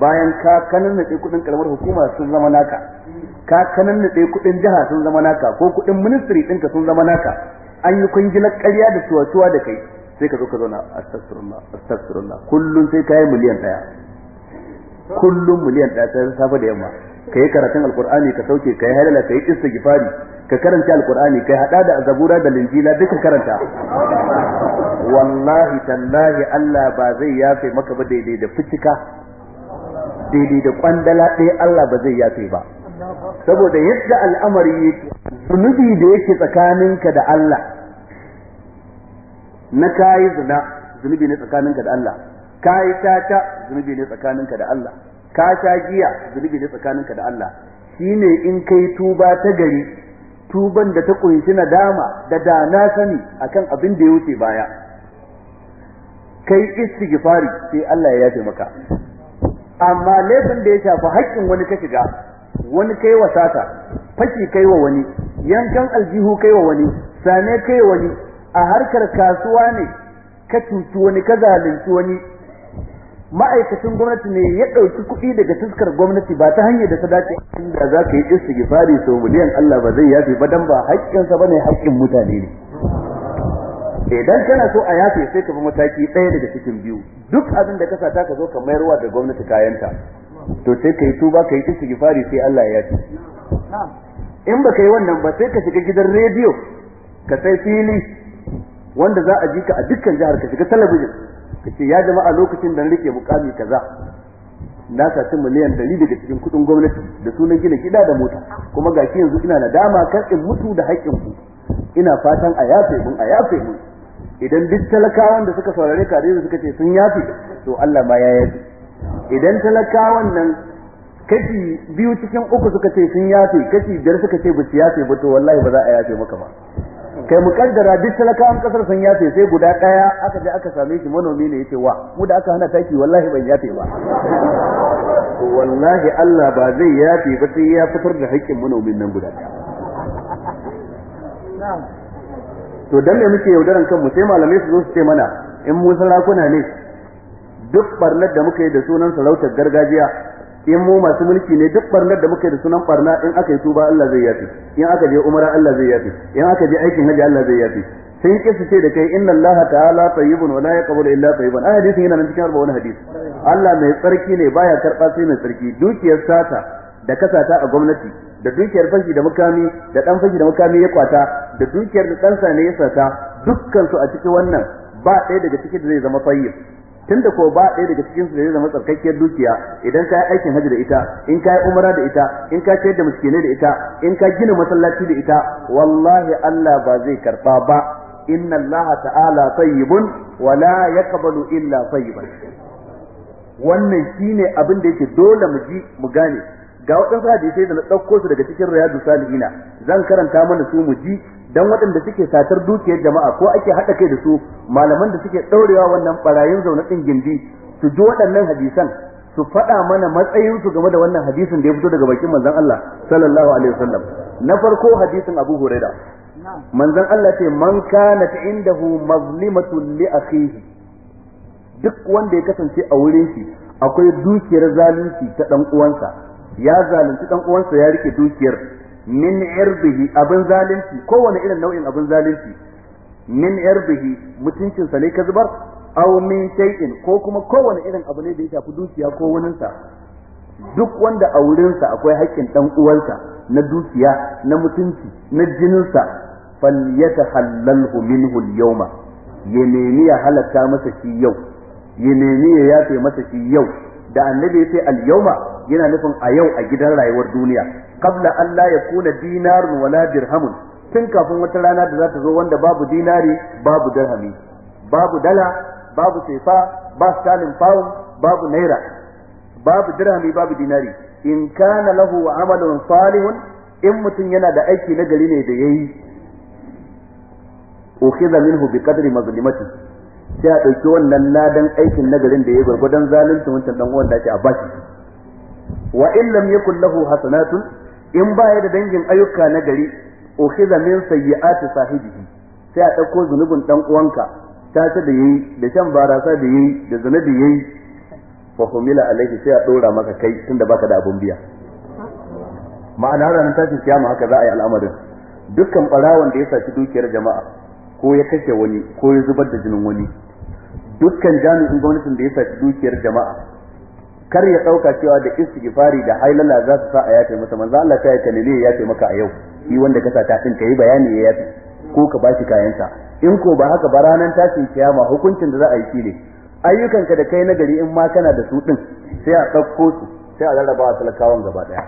bayan ka kanan kananade kudin karamar hukuma sun zama naka ka kanan kananade kudin jiha sun zama naka ko kudin ministry ɗinka sun zama naka an yi kungilar ƙarya da cuwa da kai sai ka zo ka zauna astagfirullah astagfirullah kullum sai ka miliyan ɗaya kullum miliyan ɗaya ta safe da yamma ka yi karatun alkur'ani ka sauke ka yi halala ka yi istighfari ka karanta alkur'ani ka yi hada da azabura da linjila duka karanta wallahi tallahi Allah ba zai yafe maka ba daidai da fitika daidai da kwandala ɗaya Allah ba zai yafe ba saboda yadda al'amari yake zunubi da yake tsakaninka da Allah na kayi zina zunubi ne tsakaninka da Allah kayi tata zunubi ne tsakaninka da Allah ka giya zunubi ne tsakaninka da Allah shine in kai tuba ta gari tuban da ta kunshi nadama da da na sani akan abin da ya wuce baya kai istighfari sai Allah ya yafe maka amma laifin da ya shafi haƙƙin wani ka shiga wani kai wa sata faki kai wa wani yankan aljihu kai wa wani sane kai wani a harkar kasuwa ne ka cuci wani ka zalunci wani ma'aikacin gwamnati ne ya ɗauki kuɗi daga tuskar gwamnati ba ta hanyar da ta dace inda za ka yi istighfari sau miliyan Allah ba zai yafe ba dan ba haƙƙinsa ba ne haƙƙin mutane ne idan kana so a yafe sai ka bi mataki ɗaya daga cikin biyu duk abin da ka sata ka zo ka mayarwa da gwamnati kayanta to sai ka yi tuba ka yi fari sai Allah ya yafe in baka yi wannan ba sai ka shiga gidan rediyo ka sai fili wanda za a ji ka a dukkan jihar ka shiga talabijin ka ce ya jama'a lokacin da na rike mukami kaza na saci miliyan ɗari daga cikin kuɗin gwamnati da sunan gina gida da mota kuma gashi yanzu ina nadama kan in mutu da haƙƙin ku ina fatan a yafe mun a yafe mun idan duk talakawan da suka saurare ka da suka ce sun yafi to Allah ma ya yafi idan talakawan nan kashi biyu cikin uku suka ce sun yafe kashi biyar suka ce ba su yafe ba to wallahi ba za a yafe maka ba kai mu kaddara duk talakawan kasar sun yafe sai guda daya aka je aka same shi manomi ne yace wa mu da aka hana taki wallahi ban yafe ba to wallahi Allah ba zai yafe ba sai ya fitar da haƙƙin manomin nan guda daya to dan ne muke yaudaran kanmu sai malamai su zo su ce mana in mu sarakuna ne duk barnar da muka yi da sunan sarautar gargajiya in mu masu mulki ne duk barnar da muka yi da sunan barna in aka yi tuba Allah zai yafi in aka je umara Allah zai yafi in aka je aikin haji Allah zai yafi sun ki su ce da kai inna Allah ta'ala tayyibun wa la yaqbalu illa tayyiban ai hadisin yana nan cikin arba wani hadisi Allah mai tsarki ne baya karba sai mai tsarki dukiyar sata da kasata a gwamnati da dukiyar fashi da mukami da dan fashi da mukami ya kwata da dukiyar da ɗansa ne ya sata dukkan su a cikin wannan ba ɗaya daga cikin da zai zama tayyib tunda ko ba ɗaya daga cikin su da zai zama tsarkakkiyar dukiya idan ka yi aikin hajji da ita in ka yi umara da ita in ka ciyar da miskinai da ita in ka gina masallaci da ita wallahi Allah ba zai karba ba inna Allah ta'ala tayyibun wa la yaqbalu illa tayyiban wannan shine abin da yake dole mu ji mu gane ga waɗansu hadisai da na ɗauko su daga cikin riyadu salihina zan karanta mana su mu ji dan waɗanda suke satar dukiyar jama'a ko ake haɗa kai da su malaman da suke ɗaurewa wannan barayin zaune ɗin gindi su ji waɗannan hadisan su faɗa mana matsayinsu game da wannan hadisin da ya fito daga bakin manzon Allah sallallahu alaihi wasallam na farko hadisin Abu Hurairah manzon Allah ce man ta indahu mazlimatun li akhihi duk wanda ya kasance a wurin shi akwai dukiyar zalunci ta dan uwansa ya zalunci dan uwansa ya rike dukiyar min irbihi abin zalunci kowane irin nau'in abin zalunci min irbihi mutuncinsa ne ka zubar aw min shay'in ko kuma kowane irin abu ne da ya shafi dukiya ko sa? duk wanda a wurinsa akwai haƙƙin dan uwansa na dukiya na mutunci na jininsa yatahallalhu minhu al-yawma ya nemi ya halatta masa shi yau ya nemi ya yafe masa shi yau da annabi ya ce al-yawma yana nufin a yau a gidan rayuwar duniya qabla an la yakuna dinarun wala dirhamun tun kafin wata rana da za ta zo wanda babu dinari babu dirhami babu dala babu sefa ba stalin pound babu naira babu dirhami babu dinari in kana lahu amalun salihun in mutum yana da aiki na gari ne da yayi ukhiza minhu bi qadri mazlimati sai a dauki wannan ladan aikin nagarin da yayi gurgudan zalunci wancan dan uwan da ake a bashi wa illam lam yakul lahu hasanatun in baya da dangin ayyuka na gari ukhiza min sayyi'ati sahibihi sai a dauko zunubin dan uwanka ta ta da yayi da shan barasa da yayi da zina yayi fa humila alaihi sai a dora maka kai tunda baka da abun biya ma'ana ranar tashin kiyama haka za a yi al'amarin dukkan barawon da ya saci dukiyar jama'a ko ya kashe wani ko ya zubar da jinin wani dukkan jami'in gwamnatin da ya saci dukiyar jama'a kar ya dauka cewa da istighfari da hailala za su sa a yafe masa manzo Allah ta yi kalile ya yafe maka a yau shi wanda ka sa ta din kai bayani ya yafe ko ka ba shi kayansa in ko ba haka ba ranar tashin kiyama hukuncin da za a yi shi ne ayyukanka da kai nagari in ma kana da su din sai a ɗauko su sai a rarraba a talakawan gaba ɗaya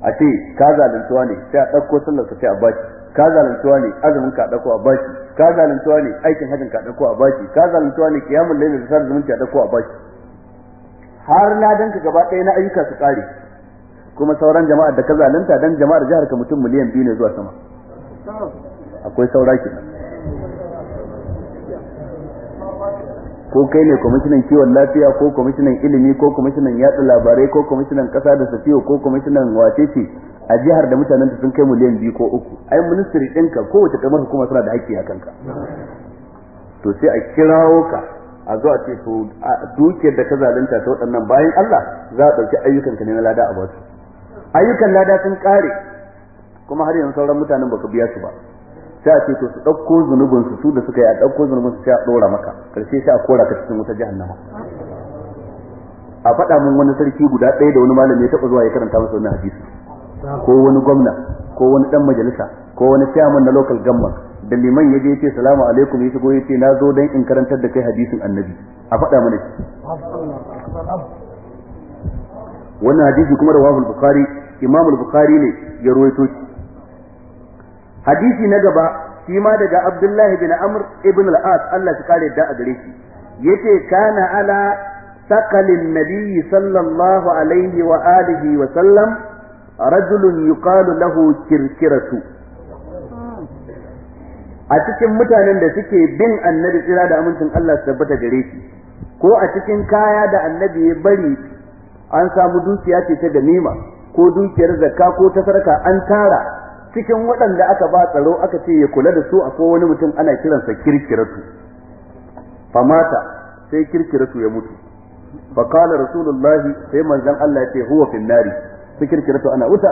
a ce ka zalunta ne sai a ɗauko sallar sai a shi ka zalantuwa ne azumin ka dako a baki ka zalantuwa ne aikin hajin ka dako a baki ka zalantuwa ne kiyamul layl da sar zumunci a dako a baki har ladan ka gaba ɗaya na ayyuka su kare kuma sauran jama'ar da ka zalunta dan jama'ar jihar ka mutum miliyan biyu ne zuwa sama akwai saura ko kai ne kwamishinan kiwon lafiya ko kwamishinan ilimi ko kwamishinan yatsa labarai ko kwamishinan kasa da safiyo ko kwamishinan wacece a jihar da mutanen ta sun kai miliyan biyu ko uku ai ministry ɗinka kowace kamar hukuma suna da haƙƙi a kanka to sai a kirawo ka a zo ce to duke da ka zalunta ta waɗannan bayan Allah za a ɗauki ayyukan ka ne na lada a basu ayyukan lada sun ƙare kuma har yanzu sauran mutanen baka biya su ba sai a ce to su ɗauko zunubin su su da suka yi a ɗauko zunubin su sai a ɗora maka ƙarshe sai a kora ka cikin wuta jahannama a faɗa mun wani sarki guda ɗaya da wani malami ya taɓa zuwa ya karanta masa wannan hadisi ko wani gwamna ko wani dan majalisa ko wani chairman na local government da liman yaje yace salamu alaikum ya shigo yace na zo dan in karantar da kai hadisin annabi a faɗa mana shi. wannan hadisi kuma rawahu al-bukhari imam al-bukhari ne ya ruwaito shi hadisi na gaba shi ma daga abdullahi bin amr ibn al-as Allah ya kare da a gare shi yace kana ala sakalin nabiyyi sallallahu alaihi wa alihi wa sallam rajulun يقال له كركرة a cikin mutanen da suke bin annabi tsira da amincin Allah su tabbata gare shi ko a cikin kaya da annabi ya bari an samu dukiya ce ta ganima ko dukiyar zakka ko ta sarka an tara cikin waɗanda aka ba tsaro aka ce ya kula da su a ko wani mutum ana kiransa kirkiratu famata sai kirkiratu ya mutu fa qala rasulullahi sai manzon Allah ya ce huwa fin nari fikirkiratu ana wuta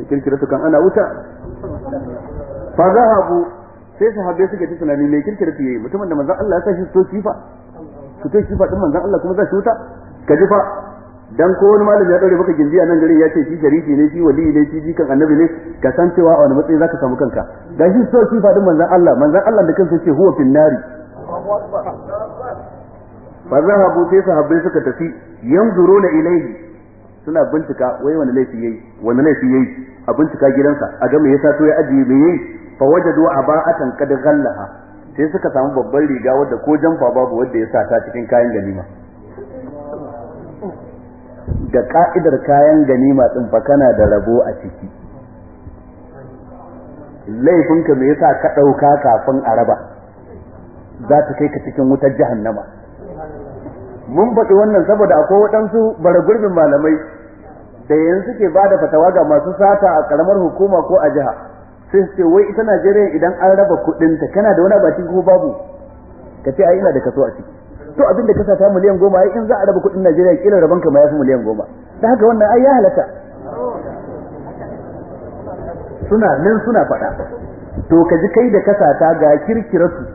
fikirkiratu kan ana wuta fa zahabu sai sahabbai suka ci tunani mai kirkirtu yayi mutumin da manzon Allah ya sa shi so kifa su to kifa din manzon Allah kuma za shi wuta ka ji fa dan ko wani malami ya ɗaure maka gindi a nan garin ya ce shi sharifi ne shi wali ne shi jikan annabi ne ka san cewa a wani matsayi zaka samu kanka ga shi so kifa din manzon Allah manzon Allah da kansa ce huwa fil nari fa zahabu sai sahabbai suka tafi yanzuruna ilayhi suna bincika wai wani laifi yayi wani laifi yayi a bincika gidansa a ga me yasa to ya ajiye me yayi fa wajadu aba'atan qad ghallaha sai suka samu babban riga wadda ko jamfa babu wadda ya sa ta cikin kayan ganima da ka'idar kayan ganima din fa kana da rabo a ciki laifinka me yasa ka dauka kafin a raba za ta kai ka cikin wutar jahannama mun faɗi wannan saboda akwai waɗansu bara gurbin malamai da yanzu suke ba da fatawa ga masu sata a karamar hukuma ko a jiha sai su ce wai ita Najeriya idan an raba kuɗin ta kana da wani abacin ko babu ka ce ai ina da kaso a ciki to abin da ka sata miliyan goma ai in za a raba kuɗin Najeriya kila raban ka ma ya fi miliyan goma da haka wannan ai ya halatta suna nan suna faɗa to ka ji kai da kasata ga kirkirarsu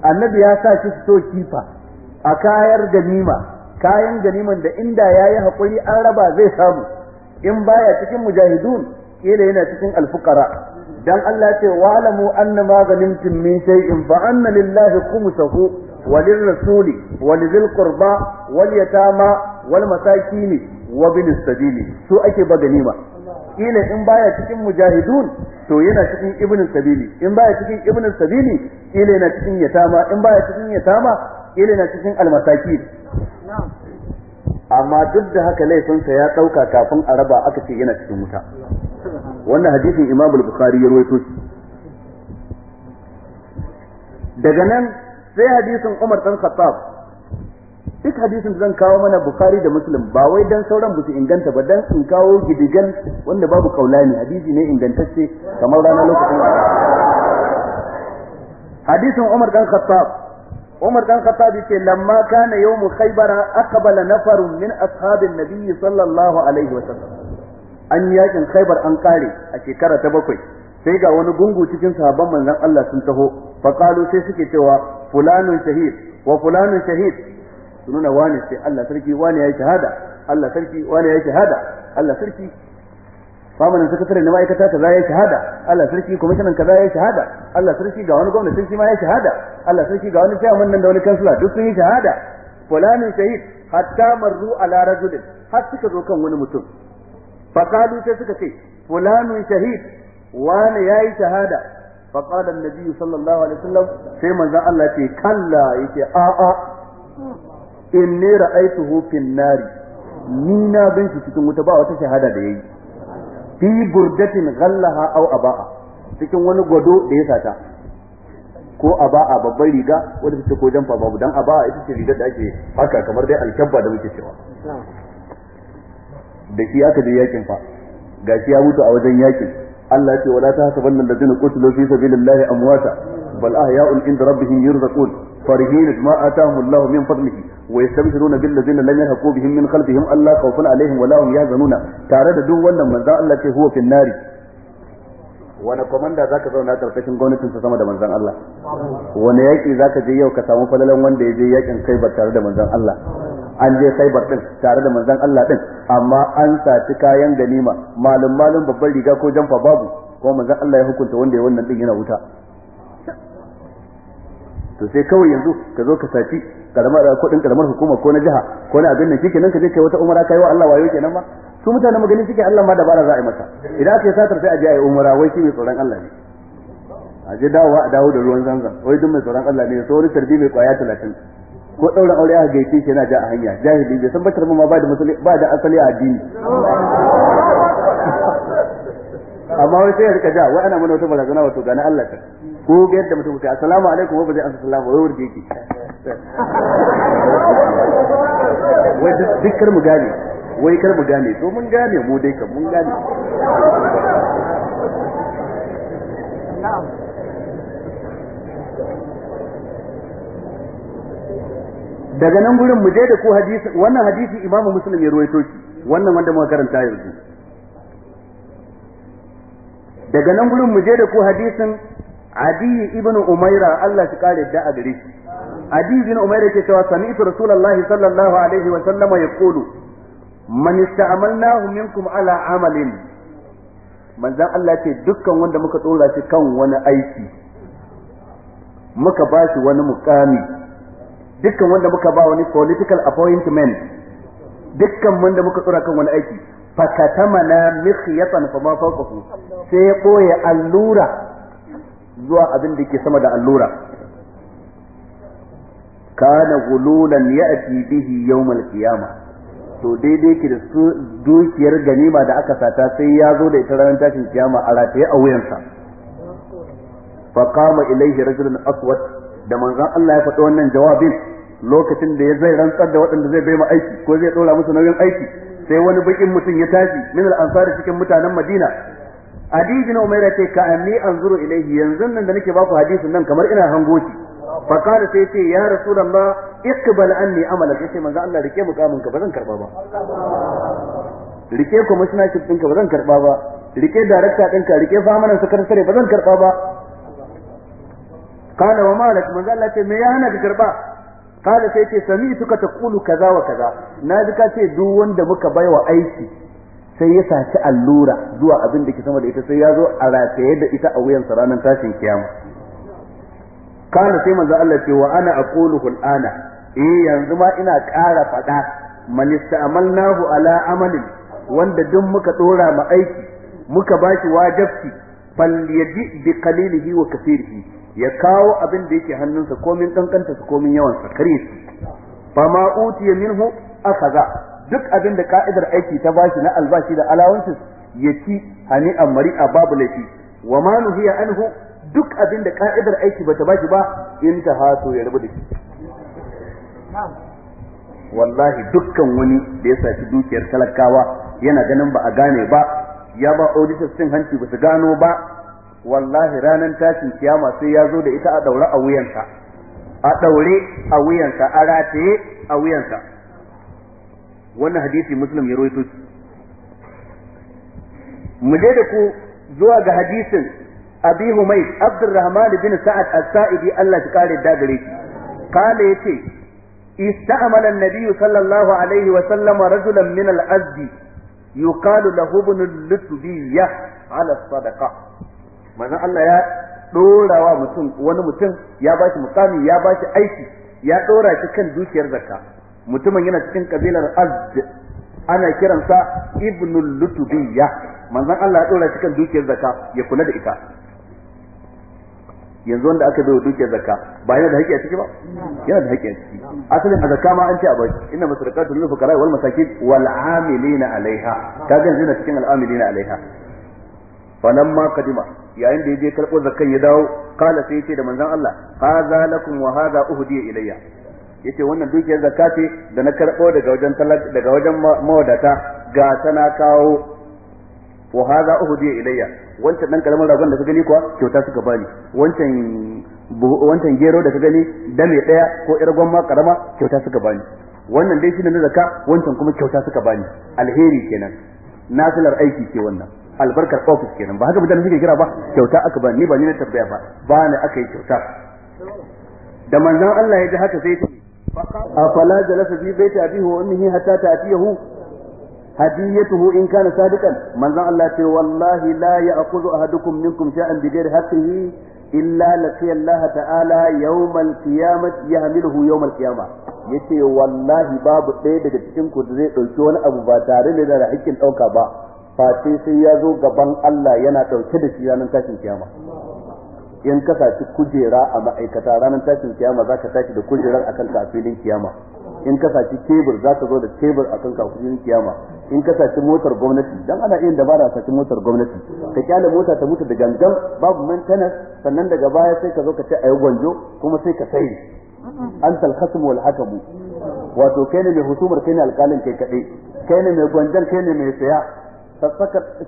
annabi ya sa shi so kifa a kayar ganima kayan ganiman da inda ya yi hakuri an raba zai samu in baya cikin mujahidun kila yana cikin alfukara dan Allah ce wa'lamu anna ma ghanimtum min shay'in fa anna lillahi khumsahu wa lirrasuli wa lidhil qurba wal yatama wal masakin wa bin sabili su ake ba ganima kila in baya cikin mujahidun to yana cikin ibn sabili in baya cikin ibn sabili kila yana cikin yatama in baya cikin yatama kila yana cikin al masakin amma duk da haka laifinsa ya ɗauka kafin a raba aka ce yana cikin wuta wannan hadisin imam al-bukhari ya rawaito shi daga nan sai hadisin umar dan khattab duk hadisin zan kawo mana bukhari da muslim ba wai dan sauran ba su inganta ba dan in kawo gidigan wanda babu kaulani hadisi ne ingantacce kamar rana lokacin hadisin umar dan khattab Umar dan Khattab yace lamma kana yawmu Khaybar aqbala nafarun min ashabin Nabi sallallahu alaihi wa sallam an yakin Khaybar an kare a shekara ta bakwai sai ga wani gungu cikin sahabban manzon Allah sun taho fa sai suke cewa fulanun shahid wa fulanun shahid sununa wani sai Allah sarki wani yayi Allah sarki wani Allah sarki famanin sakatare na ma'aikata kaza ya shahada Allah sarki kwamishinan kaza ya shahada Allah sarki ga wani gwamnati shi ma ya shahada Allah sarki ga wani chairman nan da wani kansila duk sun yi shahada fulanin shahid hatta marru ala rajulin har suka zo kan wani mutum faqalu sai suka ce fulanin shahid wani yayi shahada faqala annabi sallallahu alaihi wasallam sai manzon Allah ce kalla yake a a inni ra'aytuhu fin nari ni na bin shi cikin wuta ba wata shahada da yayi fi burdatin ghallaha aw aba'a cikin wani gado da ya sata ko aba'a babban riga wanda take ko jamfa babu dan aba'a ita ce rigar da ake haka kamar dai alkabba da muke cewa da shi aka je yakin fa gashi ya mutu a wajen yakin Allah ya ce wala ta tahsabanna alladhina qutilu fi sabilillahi amwata bal ahya'un inda rabbihim yurzaqun فرحين بما آتاهم الله من فضله ويستبشرون بالذين لم يلحقوا بهم من خلفهم ألا خوف عليهم ولا هم يحزنون تارد دو wannan manzan Allah ce huwa fin nari wani komanda zaka zauna karkashin gwamnatin sa sama da manzan Allah wani yaki zaka je yau ka samu falalan wanda ya je yakin Khaibar tare da manzan Allah an je Khaibar din tare da manzan Allah din amma an saci kayan ganima malum malum babban riga ko jamfa babu kuma manzan Allah ya hukunta wanda ya wannan din yana wuta to sai kawai yanzu ka zo ka saci karamar kudin karamar hukuma ko na jiha ko na abin nan shike nan ka je kai wata umara kai wa Allah wayo kenan ma su mutane magani suke Allah ma dabara za a yi masa idan aka yi satar sai a je a yi umara wai shi mai tsoron Allah ne a je dawowa a dawo da ruwan zanzan wai duk mai tsoron Allah ne so wani tarbi mai kwaya talatin ko ɗaurin aure aka gaishe shi yana ja a hanya jahili bai san batar ma ba da musali ba da asali a addini amma wai sai ya rika ja wai ana mana wata barazana wato ga na Allah ta ko ga yadda mutum ta assalamu alaikum wa bazai amsa salamu wai wurge yake wai duk kar mu gane wai kar mu gane to mun gane mu dai kan mun gane daga nan gurin mu je da ku hadisi wannan hadisi imamu muslim ya ruwaito shi wannan wanda muka karanta yanzu daga nan gurin mu je da ku hadisin adi ibn umaira Allah shi kare da a gare shi umaira ke cewa sami'tu rasulullahi sallallahu alaihi wa sallama yaqulu man ista'malnahu minkum ala amalin manzan Allah ce dukkan wanda muka tsora kan wani aiki muka ba wani mukami dukkan wanda muka ba wani political appointment dukkan wanda muka tsora kan wani aiki fakatamana mikhyatan fa ma fawqahu sai ya boye allura zuwa abin da yake sama da allura kana gululan ya'ti bihi yawmal qiyama to daidai ki da dukiyar ganima da aka sata sai ya zo da ita ranar tashin kiyama a rataye a wuyansa fa qama ilayhi rajulun aswad da manzon Allah ya faɗi wannan jawabin lokacin da ya zai rantsar da waɗanda zai bai aiki ko zai ɗora musu nauyin aiki sai wani bakin mutum ya tashi min al-ansari cikin mutanen Madina hadisi na umair ce ka anni anzuru ilayhi yanzu nan da nake baku hadisin nan kamar ina hango shi fa qala sai ce ya rasulullah iqbal anni amala sai manzo Allah rike mukamin ka bazan karba ba rike commissionership ɗinka bazan karba ba rike director ɗinka rike famanan sakatare bazan karba ba Kada wa malak manzo Allah ce me ya hana ka karba qala sai ce sami'tuka taqulu kaza wa kaza na ji ka ce duk wanda muka baiwa aiki sai ya saci allura zuwa abin da ke sama da ita sai ya zo a rataye da ita a wuyansa ranar tashin kiyama kana sai manzo Allah ce wa ana hul ana eh yanzu ma ina ƙara faɗa man ista'malnahu ala amalin wanda duk muka dora ma aiki muka bashi wajibi fal yaji bi qalilihi wa kaseerihi ya kawo abin da yake hannunsa komin kankanta su komin yawan sa kare shi fama utiya minhu akaza duk abin da ka'idar aiki ta bashi na albashi da allowances ya ci mari a babu laifi wa ma nuhiya anhu duk abin da ka'idar aiki bata bashi ba in ta haso ya rabu da shi wallahi dukkan wani da ya saki dukiyar talakawa yana ganin ba a gane ba ya ba auditors cin hanci ba su gano ba wallahi ranar tashin kiyama sai ya zo da ita a daure a wuyansa a daure a wuyansa a rataye a wuyansa wannan hadisi muslim ya rawaito shi mu je da ku zuwa ga hadisin abi humayd abdurrahman bin sa'ad as-sa'idi Allah ya kare da gare shi kale yace استعمل النبي صلى الله عليه وسلم رجلا من الأزد يقال له ابن اللتبية على الصدقة manzon Allah ya dora wa mutum wani mutum ya bashi mukami ya bashi aiki ya dora shi kan dukiyar zakka mutumin yana cikin kabilar azd ana kiransa ibnu lutubiyya manzon Allah ya dora cikin dukiyar zakka ya kula da ita yanzu wanda aka zo dukiyar zakka ba yana da haƙƙi a ciki ba yana da haƙƙi a ciki asalin a zakka ma an ce a baki inna masarakatu lil fuqara wal masakin wal amilina alaiha kaga yanzu na cikin al amilina alaiha falamma kadima yayin da yaje karɓo zakkan ya dawo kala sai yace da manzon Allah hadha lakum wa hadha uhdiya ilayya yace wannan dukiyar zakka ce da na karbo daga wajen daga wajen mawadata ga na kawo wa hadha uhdi ilayya wancan dan karamin ragon da ka gani kuwa kyauta suka bani wancan wancan gero da ka gani dame daya ko irgon ma karama kyauta suka bani wannan dai shine na zakka wancan kuma kyauta suka bani alheri kenan nasilar aiki ce wannan albarkar ofis kenan ba haka mutane suke kira ba kyauta aka bani ni ba ni na tabbaya ba ba ne aka yi kyauta da manzon Allah ya ji haka sai ya afala jalasa bi baiti abihi wa ummihi hatta ta'tiyahu hadiyatuhu in kana sadiqan manzan Allah ce wallahi la ya'khudhu ahadukum minkum sha'an bighairi haqqihi illa laqiya Allah ta'ala yawmal qiyamati yahmiluhu yawmal qiyamah yace wallahi babu ɗaya daga cikin ku zai ɗauki wani abu ba tare ne da hakkin ɗauka ba face sai ya zo gaban Allah yana ɗauke da shi ranar tashin kiyama in ka tashi kujera a ma'aikata ranar tashin kiyama za ka tashi da kujerar akan ka a kiyama in ka tashi kebur za ka zo da kebur akan ka a filin kiyama in ka tashi motar gwamnati dan ana iya dabara a tashi motar gwamnati ka kyale mota ta mutu da gangan babu maintenance sannan daga baya sai ka zo ka ce yi gwanjo kuma sai ka sai an talhasu wal hakamu wato kai ne mai husumar kai ne alkalin kai kaɗai kai ne mai gwanjan kai ne mai saya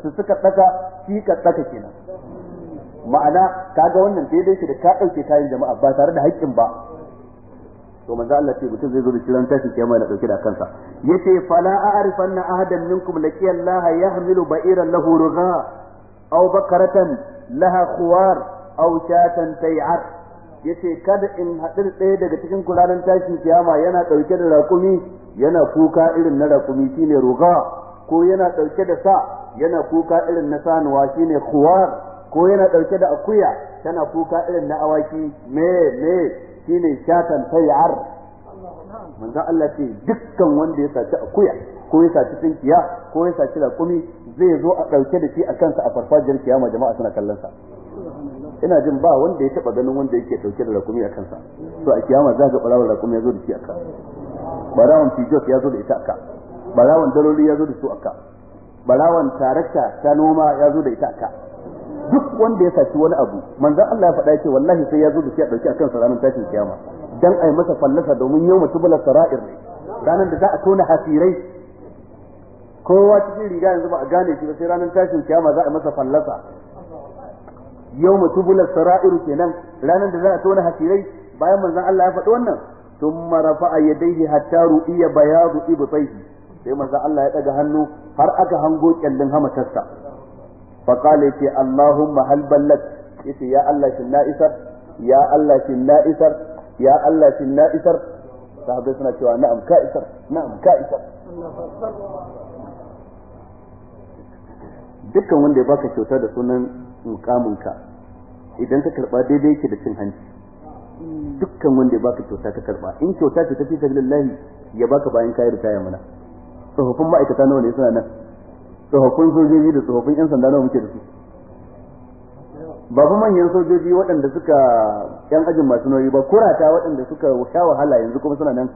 su suka ɗaka shi ka ɗaka kenan ma'ana kaga wannan daidai shi da ka dauke kayan jama'a ba tare da haƙƙin ba to manzo Allah ce mutum zai zo da kiran tashi kiyama yana dauke da kansa yace fala a'rifanna ahadan minkum laqiya Allah yahmilu ba'iran lahu rugha aw bakaratan laha khuwar aw shatan tay'at yace kada in hadir ɗaya daga cikin kulanan tashin kiyama yana dauke da raƙumi yana kuka irin na raƙumi shine ruga ko yana dauke da sa yana kuka irin na sanuwa shine khuwar ko yana ɗauke da akuya tana kuka irin na awaki me me shine shatan tayar manzon Allah ce dukkan wanda ya saci akuya ko ya saci tsinkiya ko ya saci raƙumi zai zo a ɗauke da shi a kansa a farfajiyar kiyama jama'a suna kallon sa ina jin ba wanda ya taba ganin wanda yake dauke da rakumi a kansa to a kiyama za ga barawon rakumi ya zo da shi ka. barawon pijot ya zo da ita aka barawon daloli ya zo da su aka barawon tarakta ta noma ya zo da ita aka duk wanda ya saki wani abu manzon Allah ya faɗa ce wallahi sai ya zo da shi a dauki akan sa ranar tashin kiyama dan ai masa fallasa domin yau mutubula sara'ir ne ranar da za a tona hasirai kowa cikin riga yanzu ba a gane shi ba sai ranar tashin kiyama za a masa fallasa yau mutubula sara'ir kenan ranar da za a tona hasirai bayan manzon Allah ya faɗi wannan ثم رفع يديه hatta ru'iya bayadu ابطيه sai manzo Allah ya daga hannu har aka hango kyallin hamatarsa fa qala yace allahumma hal ballat yace ya allah shin na isar ya allah shin na isar ya allah shin na isar sahabbai suna cewa na'am ka isar na'am ka isar dukkan wanda ya baka kyauta da sunan mukaminka idan ka karba daidai yake da cin hanci dukkan wanda ya baka kyauta ka karba in kyauta ce ta fi sabilillahi ya baka bayan kayar ritaya mana tsofaffin ma'aikata nawa ne suna nan tsohokun sojoji da tsohokun yan sanda nawa muke da su babu manyan sojoji waɗanda suka yan ajin masu nauyi ba kurata waɗanda suka sha wahala yanzu kuma suna nan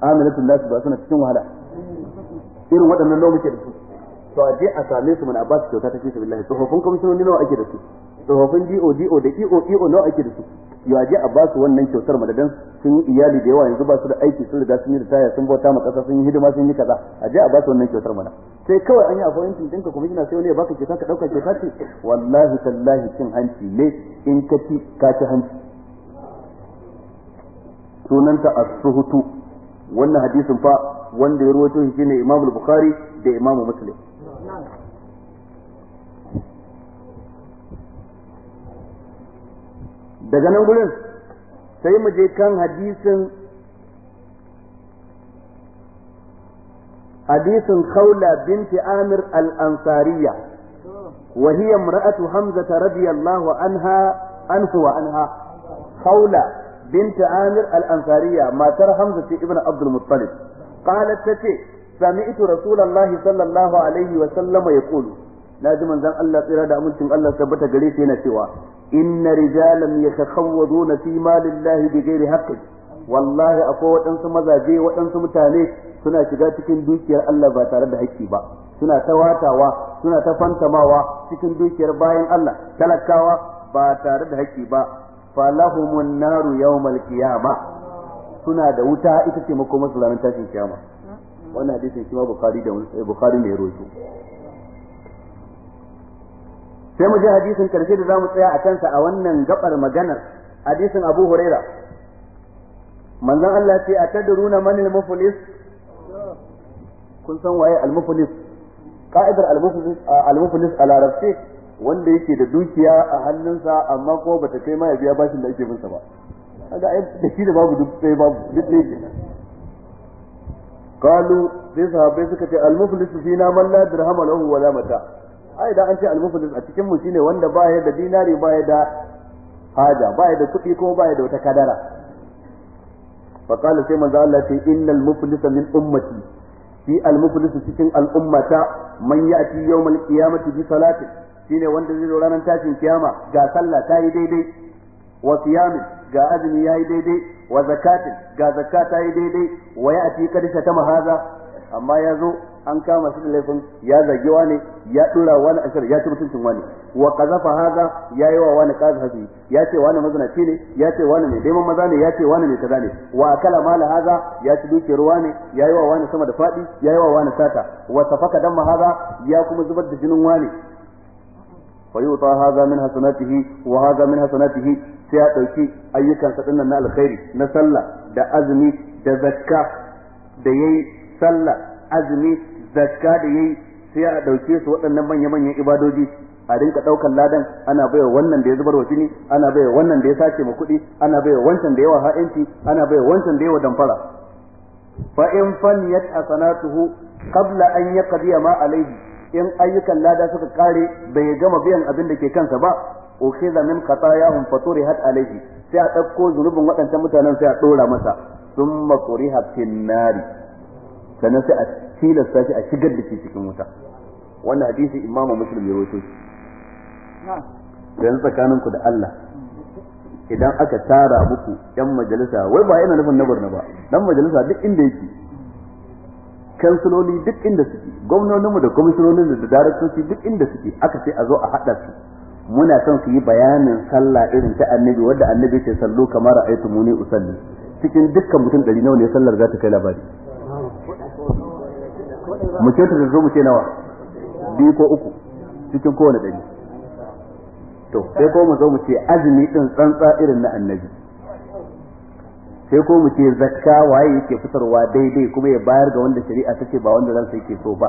amilatun nasu ba suna cikin wahala irin waɗannan nawa muke da su to a je a same su mana ba su kyauta ta fi sabilillahi tsohokun kwamishinoni nawa ake da su tsohokun DO DO da EO EO nawa ake da su ya je a basu wannan kyautar madadin sun yi iyali da yawa yanzu ba su da aiki sun riga sun yi ritaya sun bauta ma kasa sun yi hidima sun yi kaza a je a basu wannan kyautar mana sai kawai an yi appointment ɗinka kuma ina sai wani ya baka kyauta ka ɗauka kyauta ce wallahi tallahi cin hanci ne in ka ci ka ci hanci sunanta as-suhutu wannan hadisin fa wanda ya rawaito shi ne Imam Bukhari da Imam Muslim daga nan gurin sai mu je kan hadisin hadisin khawla binti amir al-ansariya wa hiya imra'atu hamza radiyallahu anhu wa anha khawla binti amir al-ansariya matar hamza ce ibnu abdul muttalib tace سمعت رسول الله صلى الله عليه وسلم يقول لازم أن الله ترى دا أمنتم الله ثبت قريت هنا سوا inna rijalan yatakhawwaduna fi malillahi bighairi haqqin wallahi akwai waɗansu mazaje waɗansu mutane suna shiga cikin dukiyar Allah ba tare da haƙƙi ba suna ta watawa suna ta fantamawa cikin dukiyar bayan Allah talakawa ba tare da haƙƙi ba falahumun naru yawmal qiyama suna da wuta ita ce makomar su tashin kiyama wannan da sai mu je hadisin karshe da zamu tsaya a kansa a wannan gabar maganar hadisin Abu Huraira manzon Allah ce atadruna man al-muflis kun san waye al-muflis ka'idar al-muflis al-muflis a larabce wanda yake da dukiya a hannunsa amma ko bata kai ma ya biya bashin da ake bin sa ba kaga ai da shi da babu duk sai babu duk ne kenan Kalu sai sahabbai suka ce al-muflis fina man la dirham lahu wala mata' ai da an ce al a cikin mu shine wanda ba ya da dinari ba ya da haja ba ya da kuɗi ko ba ya da wata kadara fa qala sai manzo Allah ce innal muflisa min ummati fi al-muflis cikin al-ummata man ya'ti yawmal qiyamati bi salatin shine wanda zai zo ranar tashin kiyama ga sallah ta yi daidai wa siyamin ga azumi yayi daidai wa zakatin ga zakata yi daidai wa ya'ti kadisa ta mahaza amma ya zo an kama shi da laifin ya zage wani ya dura wani ashar ya ci mutuncin wani wa qazafa haza ya yi wa wani qazhafi ya ce wani mazinaci ne ya ce wani mai daiman maza ne ya ce wani mai kaza ne wa akala mala haza ya ci ruwa wani ya yi wa wani sama da fadi ya yi wa wani sata wa safaka damma haza ya kuma zubar da jinin wani fa yuta haza min hasanatihi wa haza min hasanatihi sai ya dauki ayyukan sa dinnan na alkhairi na sallah da azumi da zakka da yayi sallah azumi zakka da yayi sai a dauke su waɗannan manya manyan ibadoji a rinka daukar ladan ana baiwa wannan da ya zubar wa jini ana baiwa wannan da ya sace ma kuɗi ana baiwa wancan da yawa ha'inci ana baiwa wancan da yawa damfara fa in faniyat asanatuhu qabla an yaqdi ma alayhi in ayyukan lada suka kare bai gama biyan abin da ke kansa ba o da min qatayahum hat alayhi sai a dauko zulubin waɗancan mutanen sai a dora masa thumma quriha fin nari sannan sai a tilasta shi a shigar da ke cikin wuta wannan hadisi imamu muslim ya rawaito shi dan tsakanin ku da Allah idan aka tara muku yan majalisa wai ba yana nufin nabar na ba dan majalisa duk inda yake kansuloli duk inda suke gwamnoninmu da kwamishinolin da daraktoci duk inda suke aka ce a zo a haɗa su muna son su yi bayanin sallah irin ta annabi wadda annabi ce sallu kamar ra'aytu muni usalli cikin dukkan mutum ɗari nawa ne sallar za ta kai labari mu ce ta zo mu ce nawa biyu ko uku cikin kowane ɗari to sai ko mu zo mu azumi din tsantsa irin na annabi sai ko mu zakka waye yake fitarwa daidai kuma ya bayar ga wanda shari'a ta ce ba wanda sai yake so ba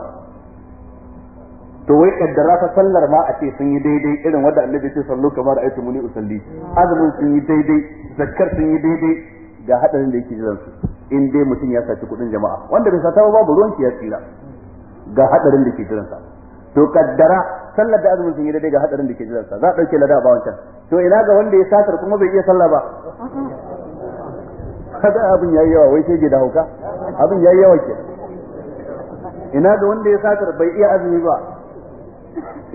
to wai kaddara ta sallar ma a ce sun yi daidai irin wanda annabi ce sallu kamar aitu muni usalli azumin sun yi daidai zakkar sun yi daidai ga hadarin da yake jiran su in dai mutum ya saci kuɗin jama'a wanda bai sata ba babu ruwan shi ya tsira ga hadarin da ke jiransa to kaddara sallar da azumin sun yi daidai ga hadarin da ke jiransa za a ɗauke lada ba wancan to ina ga wanda ya satar kuma bai iya sallah ba (laughs) kada abin yayi yawa wai sai da hauka abin yayi yawa ke ina ga wanda ya satar bai iya azumi ba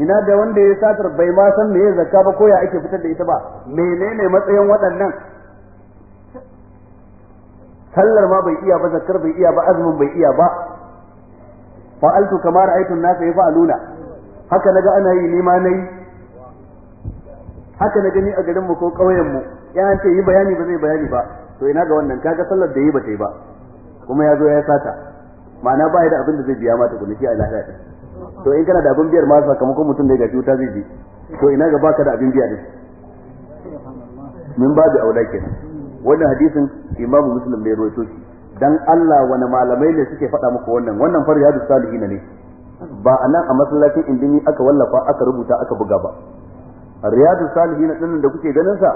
ina da wanda ya satar bai ma san meye zakka ba ko ya ake fitar da ita ba menene matsayin waɗannan sallar ma bai iya ba zakar bai iya ba azumin bai iya ba fa'altu kama ra'aytu an-nasa yaf'aluna haka naga ana yi ni ma nayi haka na ni a garin mu ko ƙauyen mu ya ce yi bayani ba zai bayani ba to ina ga wannan kaga sallar da yi ba ta yi ba kuma ya zo ya sata ma'ana ba da abin da zai biya mata kuɗi a lahira to in kana da abin biyar ma sakamakon mutum da ya gaji wuta zai ji to ina ga baka da abin biya din min babu aula kenan wannan hadisin imamu muslim bai rawaito shi dan Allah wani malamai ne suke faɗa muku wannan wannan fa riyadus salihin ne ba nan a masallacin indini aka wallafa aka rubuta aka buga ba riyadus salihin din da kuke ganin sa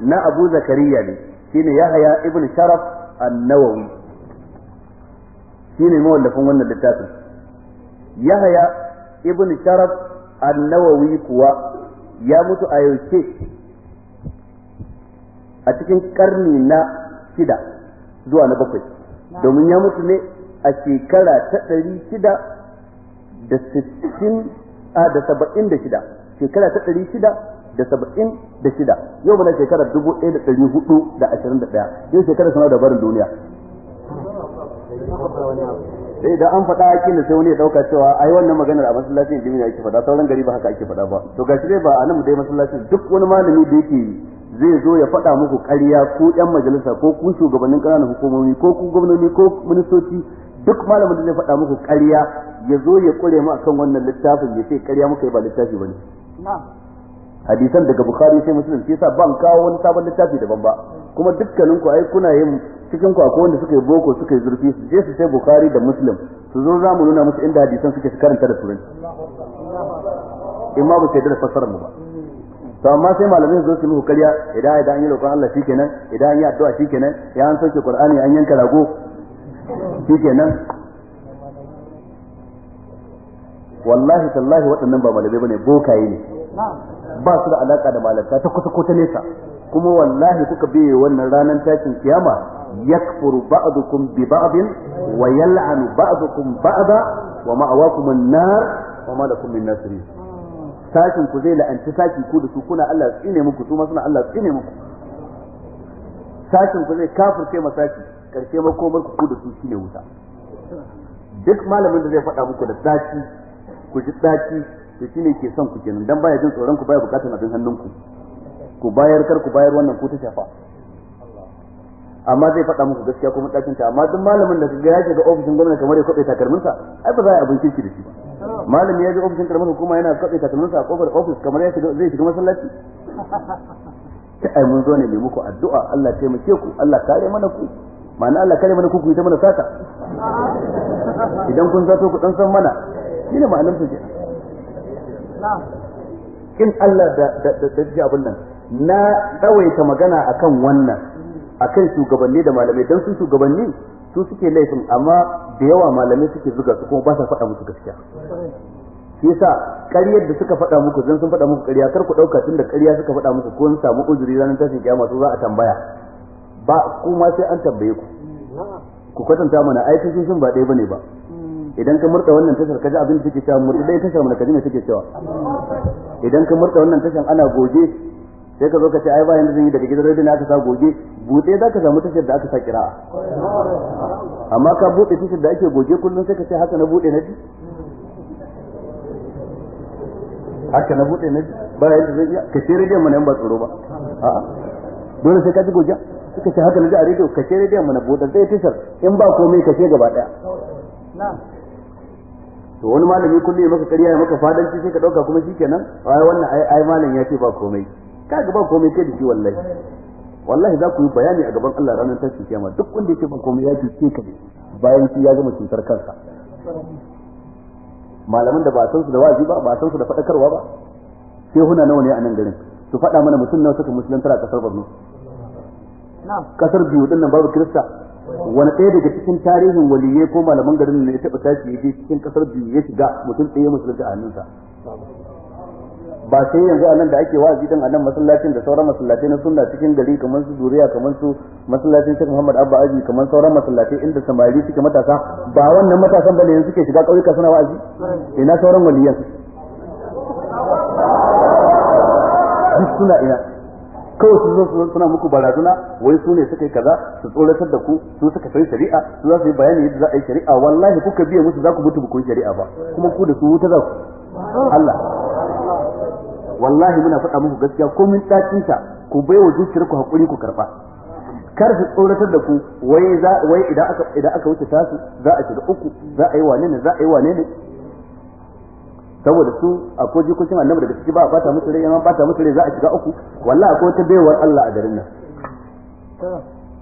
na Abu Zakariya ne shine Yahya ibn Sharaf an-Nawawi shine mawallafin wannan littafin Yahya ibn Sharaf an-Nawawi kuwa ya mutu a yauke a cikin karni na shida zuwa na bakwai domin ya mutu ne a shekara ta ɗari shida da sittin a da saba'in da shida shekara ta ɗari shida da saba'in da shida yau mana shekara dubu ɗaya da ɗari hudu da ashirin da ɗaya yau shekara suna da barin duniya sai idan an faɗa haƙƙin da sai wani ya ɗauka cewa ai wannan maganar a masallacin jimina ake faɗa sauran gari ba haka ake faɗa ba to gashi dai ba a nan mu dai masallacin duk wani malami da yake zai zo ya faɗa muku ƙarya ko ƴan majalisa ko ku shugabannin ƙananan hukumomi ko ku gwamnoni ko ministoci duk malamin da zai faɗa muku ƙarya ya zo ya ƙure mu akan wannan littafin ya ce ƙarya muka yi ba littafi bane hadisan daga bukhari sai muslim shi yasa ban kawo wani sabon littafi daban ba kuma dukkanin ku ai kuna yin cikin ku akwai wanda suka yi boko suka yi zurfi su je su sai bukhari da muslim su zo za mu nuna musu inda hadisan suke su karanta da turanci in ma ba sai da fassarar mu ba to amma sai malamin zo su muku karya idan idan an yi roƙon Allah shikenan idan an yi addu'a shikenan ya an sauke Qur'ani an yanka rago shikenan wallahi tallahi waɗannan ba malamai bane bokaye ne ba su da alaka da malanta ta kusa ko ta nesa kuma wallahi kuka biye wannan ranar tashin kiyama yakfuru ba'dukum bi ba'din wa yal'anu ba'dukum ba'da wa ma'awakum an-nar wa ma lakum min nasirin sashin ku zai la'anci saki ku da su kuna Allah ne muku su ma suna Allah ne muku sashin ku zai kafirce ma sashi karshe makomar ku da su shine wuta duk malamin da zai faɗa muku da tsaci ku ji tsaci to shine ke son ku kenan dan baya jin tsoron ku baya bukatun abin hannunku ku bayar kar ku bayar wannan ku ta shafa amma zai faɗa muku gaskiya kuma ɗakin ta amma duk malamin da ga ya shiga ofishin gwamnati kamar ya kwaɓe takarminsa ai ba za a yi abin kirki da shi ba malami ya je ofishin karamar hukuma yana kwaɓe takalminsa a kofar ofis kamar ya zai shiga masallaci ta ai mun zo ne mai muku addu'a Allah taimake ku Allah kare mana ku ma'ana Allah kare mana ku ku yi ta mana sata idan kun zato ku dan san mana ne ma'anar su in Allah da da da ji abin nan na tsawaita magana akan wannan akan shugabanni da malamai dan su shugabanni su suke laifin amma da yawa malamai suke zuga su kuma ba sa faɗa musu gaskiya shi yasa ƙaryar da suka faɗa muku dan sun faɗa muku ƙarya kar ku ɗauka tun da ƙarya suka faɗa muku kun samu uzuri ranar tashin kiyama su za a tambaya ba kuma sai an tambaye ku ku kwatanta mana ai sun sun ba ɗaya bane ba idan ka murta wannan tashar kaji abin da take cewa murta ya tashar mana kaji me take cewa idan ka murta wannan tashar ana goge. sai ka zo ka ce ai ba yanda zan yi daga gidan rediyo aka sa goge bude za ka samu tashar da aka sa kira amma ka bude tashar da ake goge kullum sai ka ce haka na bude na ji haka na bude na ji ba yanda zan yi ka ce rediyon mu na ba tsoro ba dole sai ka ji goge suka ce haka na ji a rediyo ka ce rediyon mu na buɗe zai tashar in ba komai ka ce gaba daya to wani malami kullum ya maka ƙarya ya maka fadanci sai ka ɗauka kuma shikenan ai wannan ai ai malam ya ce ba komai kaga ba komai kai da shi wallahi wallahi za ku yi bayani a gaban Allah ranar tashin kiyama duk wanda yake ban komai ya ce ka ne bayan shi ya gama cutar kansa malaman da ba san su da wazi ba ba san su da fadakarwa ba sai huna nawa ne a nan garin su fada mana mutum nawa suka musulunta a kasar Borno kasar biyu din nan babu Kirista wani ɗaya daga cikin tarihin waliyyai ko malaman garin ne ya taɓa tashi ya je cikin kasar biyu ya shiga mutum ɗaya musulunta a hannunsa ba sai yanzu a nan da ake wa'azi din a nan masallacin da sauran masallatai na sunna cikin gari kamar su zuriya kamar su masallacin Sheikh Muhammad Abba Aji kamar sauran masallatai inda samari suke matasa ba wannan matasan bane yanzu suke shiga ƙauyuka suna wa'azi ina sauran waliyan duk suna ina kawai su zo suna muku barazana wai su ne suka yi kaza su tsoratar da ku su suka sai shari'a su za su yi bayani yadda za a yi shari'a wallahi kuka biya musu za ku mutu ku yi shari'a ba kuma ku da su wuta za ku Allah wallahi muna faɗa muku gaskiya ko mun tsakin ta ku bai wa zuciyar ku hakuri ku karba kar su tsoratar da ku wai za wai idan aka idan aka wuce tasu za a shiga uku za a yi wane ne za a yi wane ne saboda su a ko jikokin annabi daga ciki ba a bata musu rai yana bata musu rai za a shiga uku wallahi akwai wata baiwar Allah a garin nan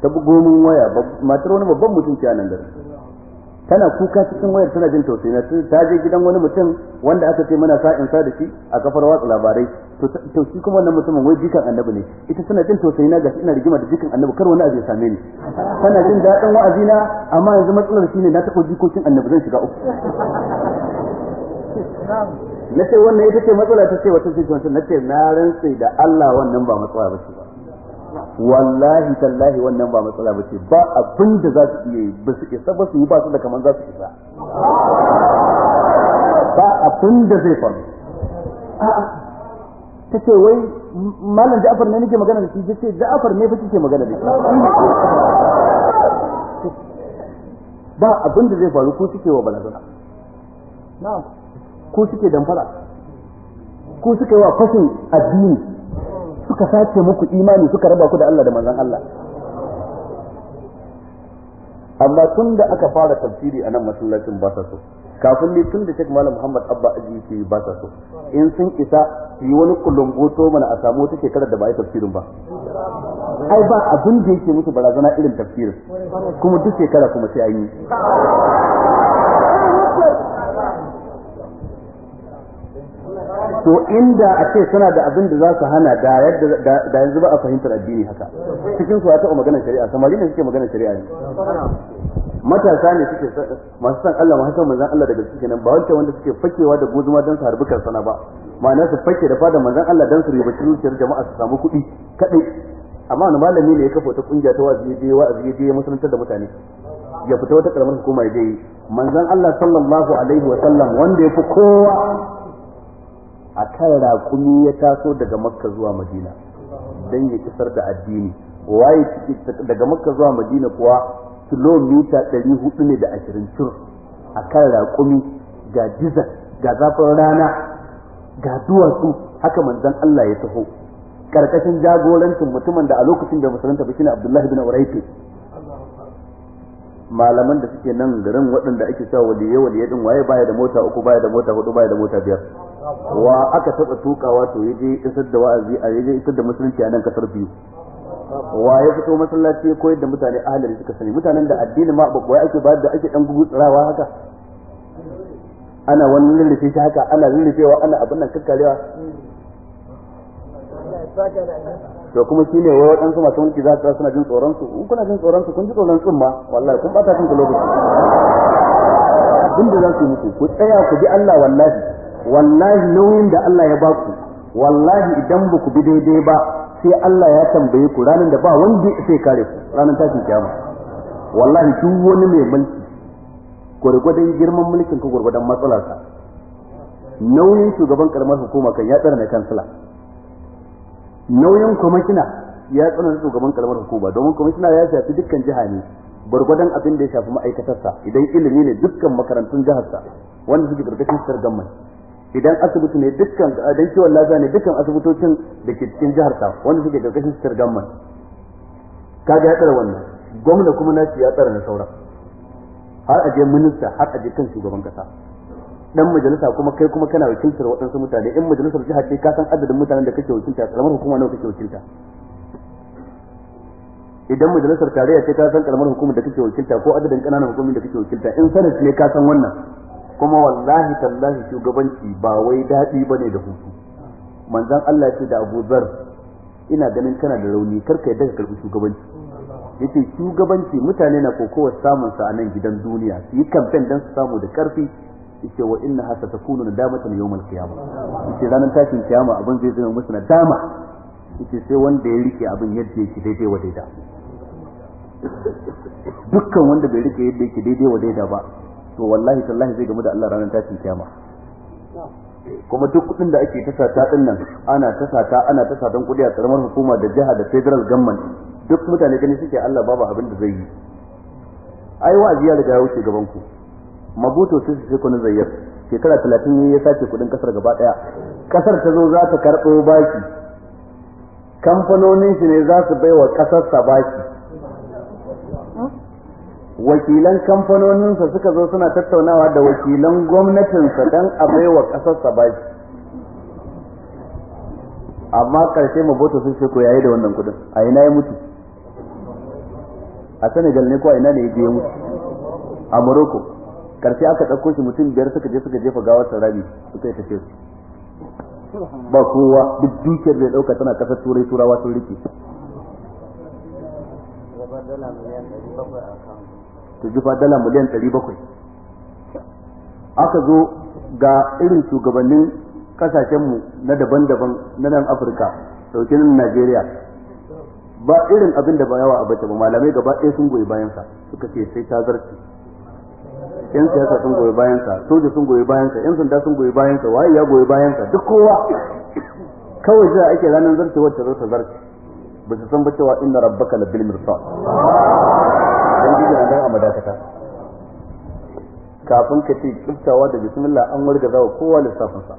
ta bugo mun waya matar wani babban mutum ke a nan garin tana kuka cikin wayar tana jin tausayi na ta je gidan wani mutum wanda aka ce mana sa in sa da shi a kafar watsa labarai to shi kuma wannan mutumin wai jikan annabi ne ita tana jin tausayi na gashi ina rigima da jikan annabi kar wani abu ya same ni tana jin daɗin wa'azi na amma yanzu matsalar shi ne na taɓa jikokin annabi zan shiga uku na ce wannan ita ce matsala ta ce wata ce na ce na rantse da Allah wannan ba matsala ba ce ba wallahi tallahi wannan ba matsala ba ce ba abin da za su iya yi ba su isa ba su yi ba su da kamar za su isa ba abin da zai faru ta ce wai malam ja'afar ne nake magana da shi ce ja'afar ne fa kike magana da shi ba abin da zai faru ko kike wa balagana na ko kike damfara ko kike wa fasin addini suka sace muku imani suka raba ku da Allah da manzon Allah amma tun da aka fara tafsiri a nan masallacin ba sa so kafin ne tun da Sheikh Malam Muhammad Abba Aji ke ba sa so in sun isa yi wani kulumboto mana a samu wata shekarar da ba a yi tafsirin ba ai ba abin da yake musu barazana irin tafsirin kuma duk shekara kuma sai an yi to inda a ce suna da abin da za su hana da yanzu ba a fahimtar addini haka cikin su ya taɓa maganar shari'a samari ne suke maganar shari'a ne matasa ne suke masu san Allah masu san manzon Allah daga suke nan ba wanda wanda suke fakewa da guzuma don su harbi sana ba ma'ana su fake da fada manzon Allah don su ribaci zuciyar jama'a su samu kuɗi kaɗai amma wani malami ne ya kafa wata kungiya ta wazi je wazi je musulunta da mutane ya fita wata karamar hukuma ya je manzon Allah sallallahu alaihi wa sallam wanda ya fi kowa a kan raƙumi ya taso daga makka zuwa madina don ya kisar da addini waye daga makka zuwa madina kuwa kilomita hudu ne da ashirin cur a kan raƙumi ga dizan ga zafin rana ga duwatsu haka manzan Allah ya taho karkashin jagorancin mutumin da a lokacin da musulunta ba shine Abdullahi bin Uraifi malaman da suke nan garin waɗanda ake sa waliye waliye din waye baya da mota uku baya da mota hudu baya da mota biyar wa aka taɓa tukawa to ya je isar da wa'azi a yaje isar da musulunci a nan kasar biyu wa ya fito masallaci ko yadda mutane ahalari suka sani mutanen da addini ma ba kuwa ake bayar da ake dan gugutsarawa haka ana wani lullufe shi haka ana lullufewa ana abin nan kakkarewa to kuma shine wai waɗansu masu wanki za su suna jin tsoron su in kuna jin tsoron su kun ji tsoron tsumma wallahi kun bata kanku lokaci abin da za su yi muku ku tsaya ku bi Allah wallahi wallahi nauyin da Allah ya baku wallahi idan ba ku bi daidai ba sai Allah ya tambaye ku ranar da ba wanda sai kare ku ranar tashin kiyama wallahi duk wani mai mulki gwargwadon girman mulkin ka gwargwadon matsalarsa nauyin shugaban karamar hukuma kan ya tsara na kansila nauyin kwamishina ya tsara na shugaban karamar hukuma domin kwamishina ya shafi dukkan jiha ne gwargwadon abin da ya shafi ma'aikatarsa idan ilimi ne dukkan makarantun jiharsa wanda suke karkashin sirgan mai idan asibiti ne dukkan dan kiwon lafiya ne dukkan asibitocin da ke cikin jihar ta wanda suke karkashin sitar gamman kaga ya tsara wannan gwamna kuma na ya tsara na sauran har aje minista har aje kan shugaban kasa dan majalisa kuma kai kuma kana wakiltar waɗansu mutane in majalisar jiha ce ka san adadin mutanen da kake wakilta kalmar hukuma nawa kake wakilta idan majalisar tarayya ce ka san kalmar hukuma da kake wakilta ko adadin kananan hukumomi da kake wakilta in sanin ne ka san wannan kuma wallahi tallahi shugabanci ba wai daɗi bane da hutu manzon Allah ce da Abu Zar ina ganin kana da rauni kar ka yadda ka karbi shugabanci yace shugabanci mutane na kokowa samun sa a nan gidan duniya su yi kamfen dan su samu da karfi yace wa inna hasa takunu nadamatan yawmal qiyamah yace ranar tashin kiyama abin zai zama musu nadama yace sai wanda ya rike abin yadda yake daidai wa daida dukkan wanda bai rike yadda yake daidai wa daida ba to wallahi tallahi zai gamu da Allah ranar tashin kiyama kuma duk kudin da ake tasa ta din nan ana tasa ta ana tasa don kudi a karamar hukuma da jiha da federal government duk mutane gani suke Allah babu abin da zai yi ai wa ya riga ya wuce gaban ku mabuto sai sai zayyar shekara 30 ne ya sace kudin kasar gaba daya kasar ta zo za ta karbo baki kamfanonin shi ne za su baiwa kasar sa baki wakilan kamfanoninsa suka zo suna tattaunawa da wakilan gwamnatinsa don a baiwa ƙasarsa bashi amma ƙarshe maboto sun ce ko yayi da wannan kudin a ina ya mutu a senegal ne ko a ina ne ya biya mutu a morocco ƙarshe aka ɗauko shi mutum biyar suka je suka jefa gawar sarabi suka yi ta ce ba kowa duk dukiyar da ya ɗauka tana ƙasar turai turawa sun rike su ji dala miliyan 700 aka zo ga irin shugabannin kasashenmu na daban-daban na nan afirka dauke nan najeriya ba irin abin da ba yawa a bace ba malamai gaba ɗaya sun goyi bayansa suka ce sai ta zarce yan siyasa sun goyi bayansa soja sun goyi bayansa yan sanda sun goyi bayansa waye ya goyi bayansa duk kowa kawai a ake ranar zarce wacce zarce zarce ba su san ba cewa inna rabbaka labil mirsad ubangiji na nan a madakata kafin ka ce kiftawa da bismillah an warga zawa kowa lissafin sa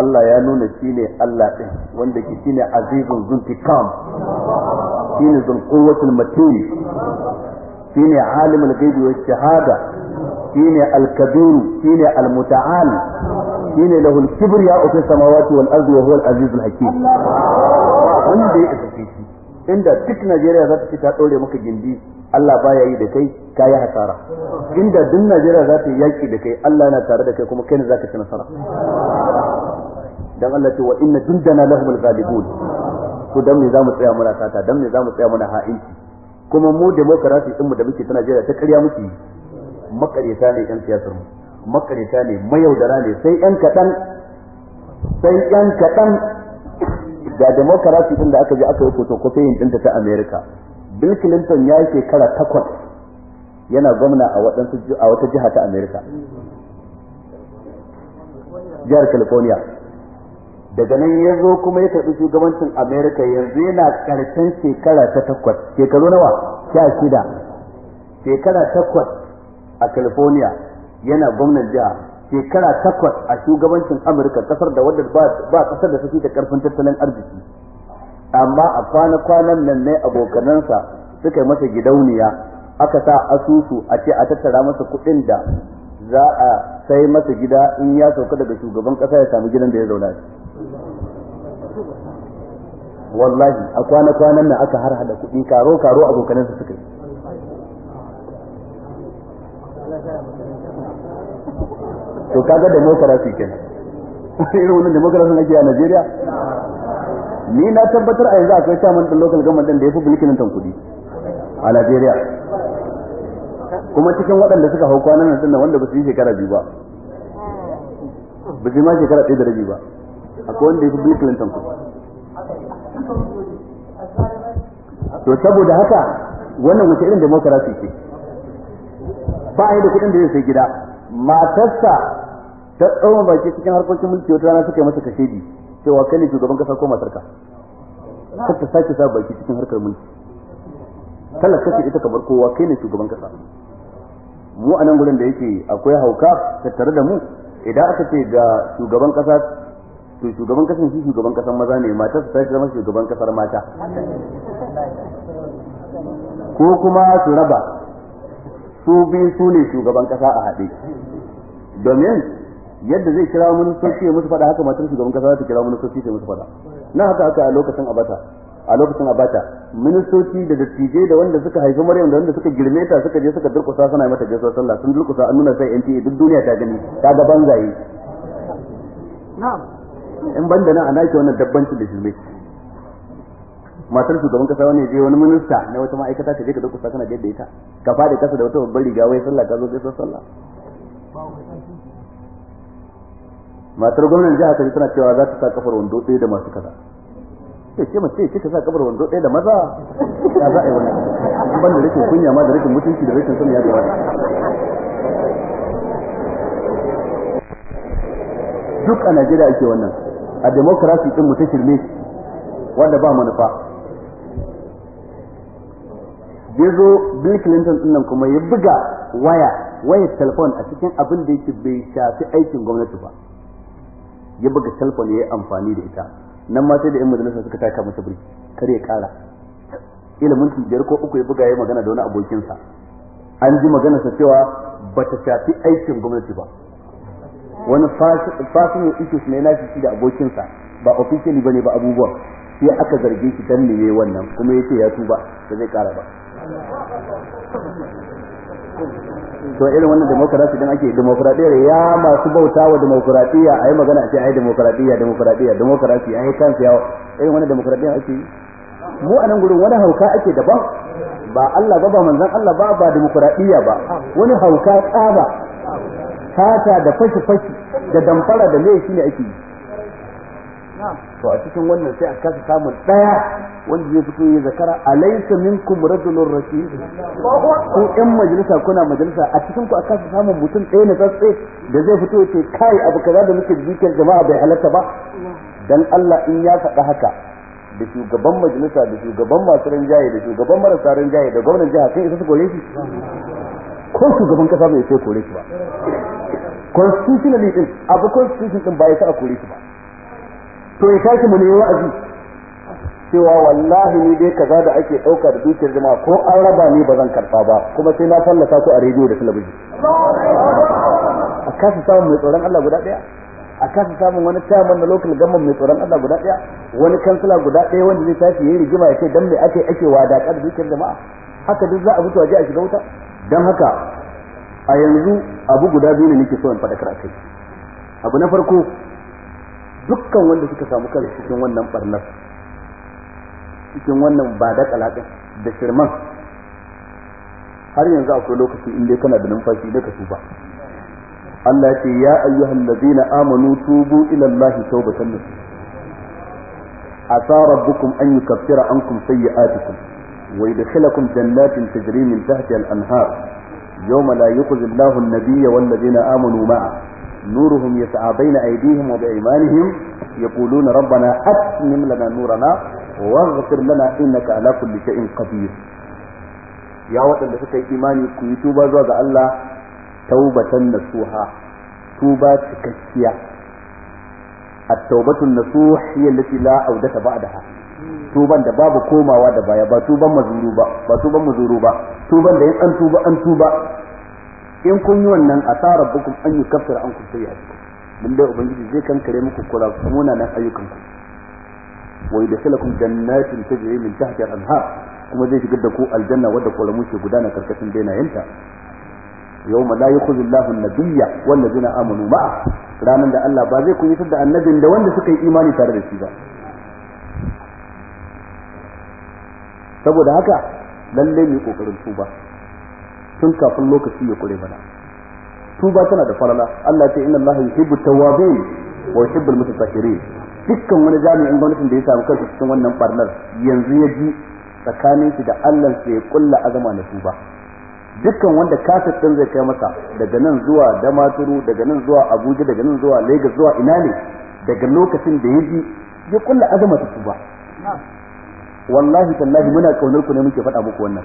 Allah ya nuna shine Allah din wanda ke shine azizun zuntikam shine zul quwwatul matin shine alimul ghaibi wash shahada shine al-kabir shine al-muta'al shine lahul kibriya fi samawati wal ardi wa huwa al-azizul hakim wanda ya inda duk Najeriya za ta ci ta ɗore maka gindi Allah baya yi da kai ka yi hasara inda duk Najeriya za ta yi yaƙi da kai Allah yana tare da kai kuma kai ne za ka ci nasara dan Allah ce wa inna jundana lahumul ghalibun to dan me za mu tsaya muna sata dan me za mu tsaya muna ha'inci kuma mu demokarasi din mu da muke ta Najeriya ta ƙarya muke makareta ne yan siyasar mu makareta ne mayaudara ne sai yan kaɗan sai yan kaɗan da demokarasi din da aka je aka yi photocopying din ta America Bill Clinton ya yi shekara takwas yana gwamna a waɗansu a wata jiha ta America jihar California daga nan ya zo kuma ya karɓi shugabancin America yanzu yana ƙarshen shekara ta takwas shekaru nawa sha shida shekara takwas a California yana gwamnan jiha shekara takwas a shugabancin amurka kasar da wadda ba kasar da ta da karfin tattalin arziki amma a kwana-kwanan nan ne abokanansa suka yi masa gidauniya aka sa asusu a ce a tattara masa kuɗin da za a sai masa gida in ya sauka daga shugaban kasa ya sami gidan da ya zauna wallahi a kwana-kwanan nan aka har hada kuɗi karo-karo abokanansa suka yi to kaga demokarasi kenan irin wannan demokrasi ake a Najeriya ni na tabbatar a yanzu akwai chairman din local government din da yafi bilkin tan kudi a Najeriya kuma cikin waɗanda suka hau kwanan nan sannan wanda ba su yi shekara biyu ba ba su yi ma shekara ɗaya da rabi ba akwai wanda yafi bilkin tan kudi to saboda haka wannan wace irin demokrasi ce ba a yi da kuɗin da zai sai gida matarsa ta tsawon baki cikin harkokin mulki wata rana suka yi masa kashedi cewa kai ne shugaban kasa ko matarka Ka ta sake sa baki cikin harkar mulki talar ce ita kamar kowa kai ne shugaban kasa mu a nan gurin da yake akwai hauka tattare da mu idan aka ce ga shugaban kasa to shugaban kasan shi shugaban kasan maza ne mata su sake zama shugaban kasar mata ko kuma su raba su biyu su ne shugaban kasa a haɗe domin yadda zai kira ministoci ya musu faɗa haka matar shugaban kasa za ta kira ministoci ta musu faɗa na haka haka a lokacin abata a lokacin abata ministoci da dattijai da wanda suka haifi maryam da wanda suka girme ta suka je suka durkusa suna mata gaisuwar sallah sun durkusa an nuna sai NTA duk duniya ta gani ta ga banzaye na'am in banda nan ana wannan dabbancin da shirme matar shugaban kasa wani je wani minista na wata ma'aikata ta je ka durkusa kana da ita ka fadi kasa da wata babbar riga wai sallah ka zo gaisuwar sallah matar gwamnan jiha ta tana cewa za ta sa kafar wando ɗaya da masu kaza sai ce mace ce ta sa kafar wando ɗaya da maza ya za a yi wani ban da rashin kunya ma da rashin mutunci da rashin sun ya gaba duk a Najeriya ake wannan a demokarasi ɗin mu shirme wanda ba manufa ya zo Bill Clinton ɗin nan kuma ya buga waya wayar telefon a cikin abin da yake bai shafi aikin gwamnati ba ya buga telefon ya yi amfani da ita nan ma sai da yan majalisa suka taka masa birki kar ya kara ilimin biyar ko uku ya buga ya magana da wani abokinsa an ji magana sa cewa ba ta shafi aikin gwamnati ba wani fasin issues ne na shi da abokinsa ba ba ne ba abubuwan sai aka zarge shi dan ne wannan kuma ya ce ya tuba ba zai kara ba to irin wannan demokrasi din ake demokradiyya ya masu bauta wa demokradiyya ayi magana a ce ai demokradiyya demokradiyya demokrasi kan kansa yawa irin wannan demokradiyya ake mu a nan gurin wani hauka ake daban ba Allah ba ba manzon Allah ba ba demokradiyya ba wani hauka tsaba kata da fashi fashi da damfara da laifi ne ake yi to a cikin wannan sai a kasa samun daya wanda zai fito ya zakara laisa minkum rajulun rashid ko yan majalisa kuna majalisa a cikin ku a kasa samun mutum ɗaya na tsatsai da zai fito ce kai abu kaza da muke jikin jama'a bai halatta ba dan Allah in ya faɗa haka da shugaban majalisa da shugaban masu rinjaye da shugaban marasa rinjaye da gwamnan jiha sai isa su kore shi ko shugaban kasa bai sai kore shi ba constitutionally din abu constitution din ba ya sa kore shi ba to ya tashi mu ne wa'azi cewa wallahi ni dai kaza da ake ɗauka da dukiyar jama'a ko an raba ni ba zan karɓa ba kuma sai na fallasa ku a rediyo da talabijin a kasa samun mai tsoron Allah guda ɗaya a kasa samun wani chairman na local government mai tsoron Allah guda ɗaya wani kansila guda ɗaya wanda zai tashi yayi rigima ya ce dan me ake ake wadaƙa da dukiyar jama'a haka duk za a mutu a je a shiga wuta dan haka a yanzu abu guda biyu ne nake so in faɗa kai abu na farko dukkan wanda suka samu kansu cikin wannan barnar cikin wannan ba da kalaɗin da shirman har yanzu akwai lokaci in dai kana da numfashi da ka tuba Allah ce ya ayyuhal ladina amanu tubu ila Allah tawbatan nasuha asa rabbukum an yukaffira ankum sayyi'atikum wa yadkhilakum jannatin tajri min tahtiha al-anhar yawma la yukhzi Allahu an-nabiyya wal ladina amanu ma'a nuruhum yas'a baina aydihim wa bi'imanihim yaquluna rabbana na, lana nurana waghfir lana innaka ala kulli in qadir ya waɗanda suka yi imani ku yi tuba zuwa ga Allah taubatan nasuha tuba cikakkiya at-taubatu an-nasuh hiya allati la audata ba'daha tuban da babu komawa da baya ba tuban mazuru ba ba tuban ba tuban da an tuba in kun yi wannan a tsara bukun an yi an kun sai sayyi'atikum mun dai ubangiji zai kankare muku kula muna nan ayyukan ku wa yadkhulukum jannatin tajri min tahtiha al-anhar kuma zai shigar da ku aljanna wadda kolamu ke gudana karkashin dainayenta yawma la yakhudhu Allahu an-nabiyya wal ladina amanu ma'a ranan da Allah ba zai kunyatar da annabin da wanda suka yi imani tare da shi ba saboda haka lalle mu kokarin tuba tun kafin lokaci ya kure mana tuba tana da farala Allah ce inna Allah yuhibbu tawwabin wa yuhibbu al-mutatahhirin dukkan wani jami'in gwamnatin da ya samu kansa cikin wannan barnar yanzu ya ji tsakanin shi da Allah sai ya kulla azama na tuba dukkan wanda kasat din zai kai masa daga nan zuwa Damaturu daga nan zuwa Abuja daga nan zuwa Lagos zuwa ina ne daga lokacin da ya ji ya kulla azama ta tuba wallahi tallahi muna kaunar ku ne muke faɗa muku wannan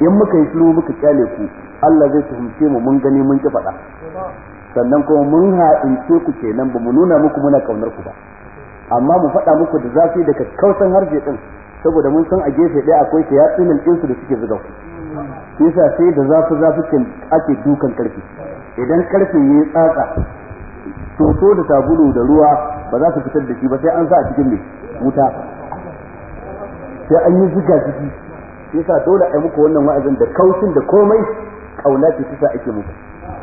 in muka yi shiru muka kyale ku Allah zai tuhumce mu mun gani mun ki faɗa sannan kuma mun ha'ince ku kenan ba mu nuna muku muna kaunar ku ba amma mu faɗa muku da zafi da kakkausan harshe din saboda mun san a gefe ɗaya akwai ta yatsinin ɗinsu da suke zuga ku yasa sai da zafi zafi kan ake dukan karfi idan karfin yayi tsatsa soso da sabulu da ruwa ba za su fitar da shi ba sai an sa a cikin mai wuta sai an yi zuga ciki yasa dole a yi muku wannan wa'azin da kaushin da komai kauna ce tisa ake muku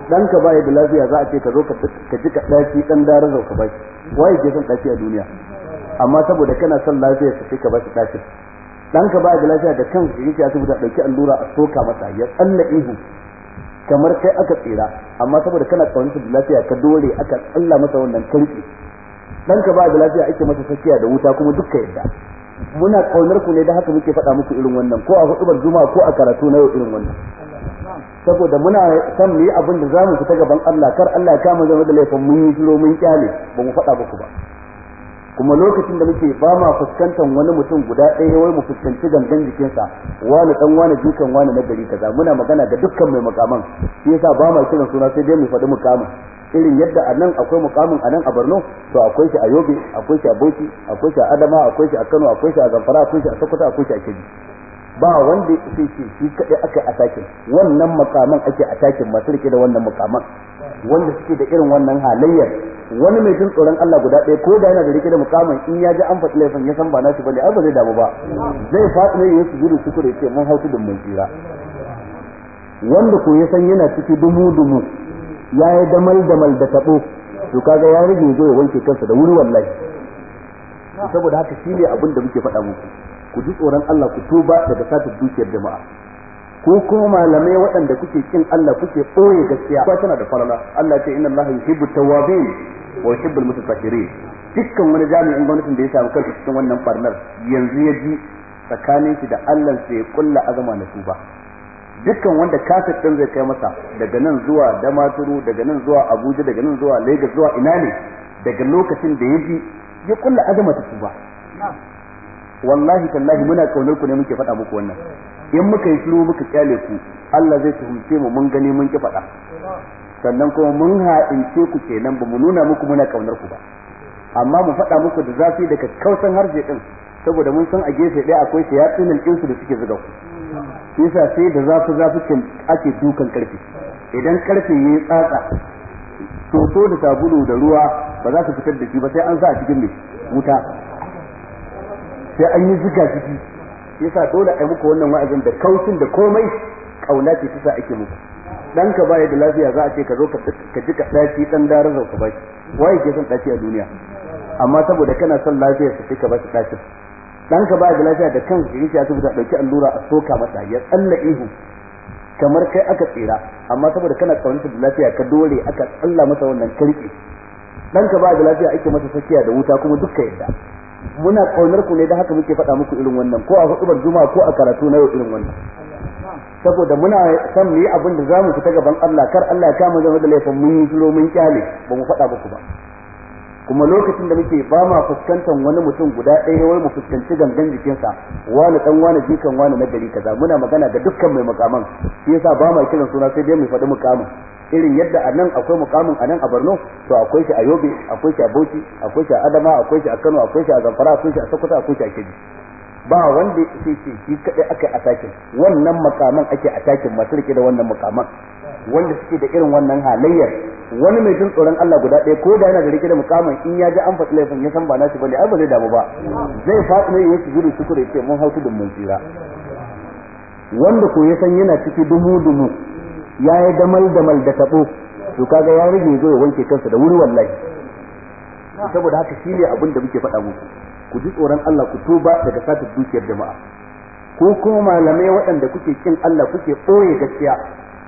dan ka baya da lafiya za a ce ka zo ka ji ka dashi dan zo ka bai waye ke son dashi a duniya amma saboda kana son lafiya ka sai ka baki dashi dan ka baya da lafiya da kan ka yake asibiti a dauki allura a soka masa ya tsalla ihu kamar kai aka tsira amma saboda kana kaunta da lafiya ka dole aka tsalla masa wannan kanki dan ka baya da lafiya ake masa sakiya da wuta kuma duka yadda muna kaunar ku ne da haka muke faɗa muku irin wannan ko a hudubar juma'a ko a karatu na yau irin wannan saboda muna san mu yi abin da zamu fita gaban Allah kar Allah ya kama zama da laifin mun yi ziro mun kyale ba mu faɗa muku ba kuma lokacin da muke ba ma fuskantar wani mutum guda ɗaya wai mu fuskanci gangan jikinsa wani dan wani dukan wani na gari kaza muna magana ga dukkan mai mukaman shi yasa ba ma kiran suna sai dai mu faɗi mukamin irin yadda a nan akwai mukamin a nan a Borno to akwai shi a Yobe akwai shi a Bauchi akwai shi a Adama akwai shi a Kano akwai shi a Zamfara akwai shi a Sokoto akwai shi a Kebbi ba wanda ya ce shi kadai aka atakin wannan makaman ake a takin masu rike da wannan makaman wanda suke da irin wannan halayyar wani mai jin tsoron Allah guda ɗaya ko da yana da rike da mukamin in ya ji an faɗi laifin ya san ba nashi bane ai ba zai damu ba zai faɗi ne ya sujudu shukuri ya ce mun hautu da mun tsira wanda ko ya san yana ciki dumu dumu ya yi damal damal da taɓo to kaga ya rage zai wanke kansa da wuri wallahi saboda haka shi ne abin da muke faɗa muku ku ji tsoron Allah ku tuba daga satar dukiyar jama'a ko kuma malamai waɗanda kuke kin Allah kuke ɓoye gaskiya ko tana da falala Allah ce inna Allah yuhibbu tawabin wa yuhibbu almutatahhirin dukkan wani jami'in gwamnatin da ya samu kansa cikin wannan barnar yanzu ya ji tsakanin shi da Allah sai ya kulla azama na tuba dukkan wanda kaset din zai kai masa daga nan zuwa Damaturu daga nan zuwa Abuja daga nan zuwa Lagos zuwa ina ne daga lokacin da ya ji ya kulla azama ta tuba wallahi tallahi muna kaunar ku ne muke faɗa muku wannan in muka yi shiru muka kyale ku Allah zai tuhumce mu mun gani mun ki faɗa sannan kuma mun ha'ince ku kenan ba mu nuna muku muna kaunar ku ba amma mu faɗa muku da zafi daga kausan harje din saboda mun san a gefe ɗaya akwai shayatin alƙinsu da suke zuga ku yasa sai da zafi zafi ake dukan karfe idan karfe yayi tsatsa soso da sabulu da ruwa ba za su fitar da shi ba sai an sa a cikin mai wuta sai an yi zuga ciki yasa dole a yi muku wannan wa'azin da kaucin da komai kauna ce ta ake muku dan ka baya da lafiya za a ce ka zo ka ji ka daci dan daren zo ka baki waye ke son daci a duniya amma saboda kana son lafiya su sai ka baki dacin dan ka baya da lafiya da kan ka ya asibiti a dauki allura a soka masa ya tsalla ihu kamar kai aka tsira amma saboda kana kaunta da lafiya ka dole aka tsalla masa wannan kirki. dan ka baya da lafiya ake masa sakiya da wuta kuma dukkan yadda muna kaunar ku ne da haka muke faɗa muku irin wannan ko a hudubar juma'a ko a karatu na yau irin wannan saboda muna son mu abin da za mu fita gaban Allah kar Allah ya kama zama da laifin mun yi turo mun kyale ba mu faɗa muku ba kuma lokacin da muke ba ma fuskantar wani mutum guda ɗaya wai mu fuskanci gangan jikinsa wani dan wani jikan wani na gari kaza muna magana ga dukkan mai mukaman shi yasa ba ma kiran suna sai dai mu faɗi mukamin irin yadda a nan akwai mukamin a nan a Borno to akwai shi a Yobe akwai shi a Bauchi akwai shi a Adama akwai shi a Kano akwai shi a Zamfara akwai shi a Sokoto akwai shi a Kebbi ba wanda ya ce shi kadai aka a atakin wannan makaman ake atakin masu rike da wannan makaman wanda suke da irin wannan halayyar wani mai jin tsoron Allah guda ɗaya ko da yana da rike da mukamin in ya ji an faɗi laifin ya san ba nashi bane ai ba zai damu ba zai faɗi ne yake gudu su kure ce mun hautu da mun tsira wanda ko ya san yana ciki dumu dumu ya yi damal damal da tabo to kaga ya rage zo ya wanke kansa da wuri wallahi saboda haka shi ne abin da muke faɗa muku ku ji tsoron Allah ku tuba daga sata dukiyar jama'a ko kuma malamai waɗanda kuke kin Allah kuke ɓoye gaskiya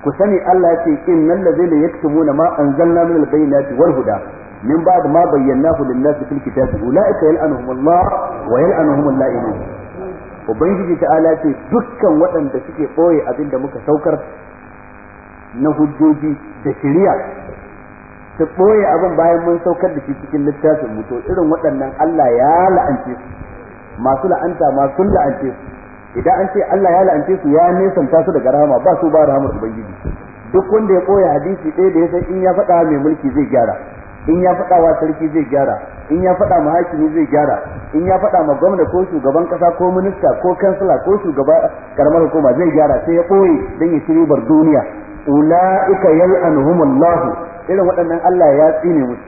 ku sani Allah ya ce innal ladzina yaktumuna ma anzalna min al-bayyinati wal huda min da ma bayyanahu lin-nasi fil kitabi ulaika yal'anuhumullah wa yal'anuhumul la'inun ubangiji ta'ala ce dukkan waɗanda suke boye abin da muka saukar na hujjoji da shari'a su boye abin bayan mun saukar da shi cikin littafin mu to irin waɗannan Allah ya la'ance su masu la'anta masu la'ance su idan an ce Allah ya la'ance su ya nesanta su daga rahama ba su ba rahamar ubangiji duk wanda ya koya hadisi ɗaya da ya san in ya faɗa mai mulki zai gyara in ya faɗa wa sarki zai gyara in ya faɗa ma hakimi zai gyara in ya faɗa ma gwamna ko shugaban kasa ko minista ko kansila ko shugaba karamar hukuma zai gyara sai ya ɓoye don ya ci bar duniya ula'ika yal'anuhumullahu irin waɗannan Allah ya tsine musu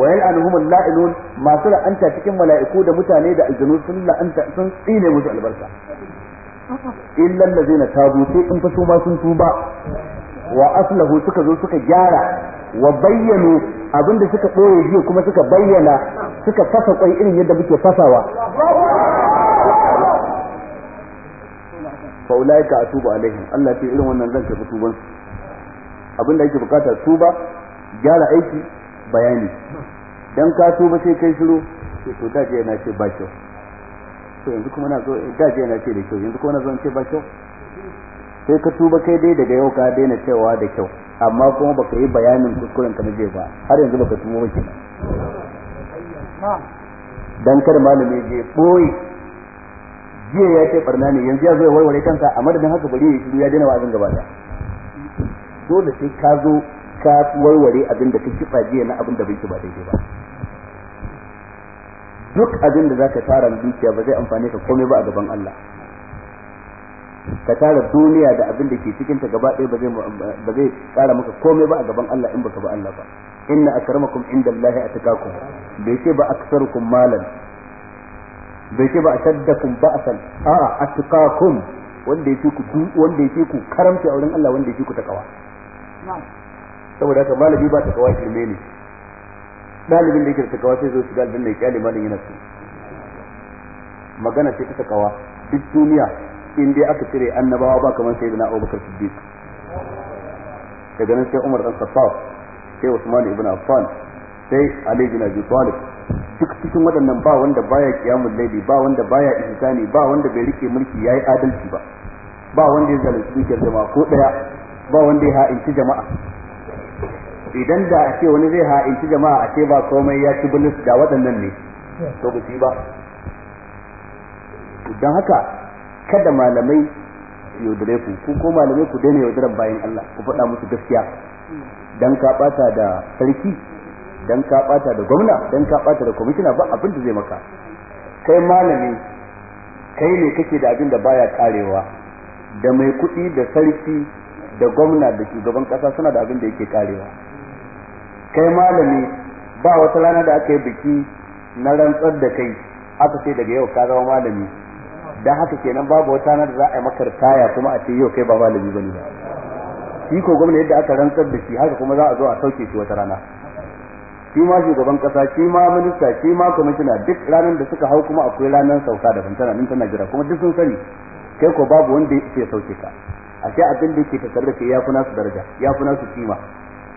wa yal'anuhumul la'inun masu la'anta cikin mala'iku da mutane da aljanu sun la'anta sun tsine musu albarka illa allazina tabu sai in fa su ma sun tuba wa aslahu suka zo suka gyara wa bayyanu abinda suka boye jiya kuma suka bayyana suka fasa kwai irin yadda muke fasawa fa ulaika atubu alaihim Allah ce irin wannan zan karbi tuban abinda yake bukata tuba gyara aiki bayani dan ka tuba sai kai shiru sai to da na ce ba kyau kyau yanzu kuma na zo gaje eh, na ce da kyau yanzu kuma na zo ce ba kyau sai ka tuba kai dai daga yau ka daina cewa da kyau amma kuma baka yi bayanin kuskuren ka na je ba har yanzu baka tuba ba kenan dan kar malami je boye jiya ya ce barna ne yanzu ya zo ya warware kansa a madadin haka bari ya shiru ya daina wa'azin gaba da dole sai ka zo ka warware abin da ka kifa jiya na abin da bai ba daidai ba duk abin da zaka tara na dukiya ba zai amfane ka komai ba a gaban Allah ka tara duniya da abin da ke cikin ta gaba ɗaya ba zai ba zai tsara maka komai ba a gaban Allah in baka ba Allah ba inna akramakum indallahi atqakum bai ce ba aksarukum malan bai ce ba ashaddakum ba'san a'a atqakum wanda yake ku wanda yake ku karamci a wurin Allah wanda yake ku takawa saboda haka malami ba takawa kirme ne dalibin da yake da takawa sai zo shiga dalibin da yake malin yana su magana sai ta takawa duk duniya in dai aka cire annabawa ba kamar sai na Abubakar Siddiq daga nan sai Umar dan Khattab sai Usman ibn Affan sai Ali bin Abi Talib duk cikin waɗannan ba wanda baya kiyamul laili ba wanda baya ihsani ba wanda bai rike mulki yayi adalci ba ba wanda ya zalunci dukiyar jama'a ko daya ba wanda ya ha'inci jama'a idan da a ce wani zai ha'inci jama'a a ce ba komai ya ci bilis da waɗannan ne to ba ba don haka kada malamai yaudare ku ku ko malamai ku daina yaudaran bayan Allah ku faɗa musu gaskiya dan ka ɓata da sarki dan ka ɓata da gwamna dan ka ɓata da kwamishina ba abin da zai maka kai malami kai ne kake da abin da baya karewa da mai kuɗi da sarki da gwamna da shugaban ƙasa suna da abin da yake karewa kai malami ba wata rana da aka yi biki na rantsar da kai aka ce daga yau ka zama malami dan haka kenan babu wata rana da za a yi maka taya kuma a ce yau kai ba malami bane ba shi ko gwamna yadda aka rantsar da shi haka kuma za a zo a sauke shi wata rana shi ma shugaban kasa shi ma minista shi ma kwamishina duk ranar da suka hau kuma akwai ranar sauka da tana din tana jira kuma duk sun sani kai ko babu wanda ya sauke ka a ce abin da yake tattare da kai ya fi nasu daraja ya nasu kima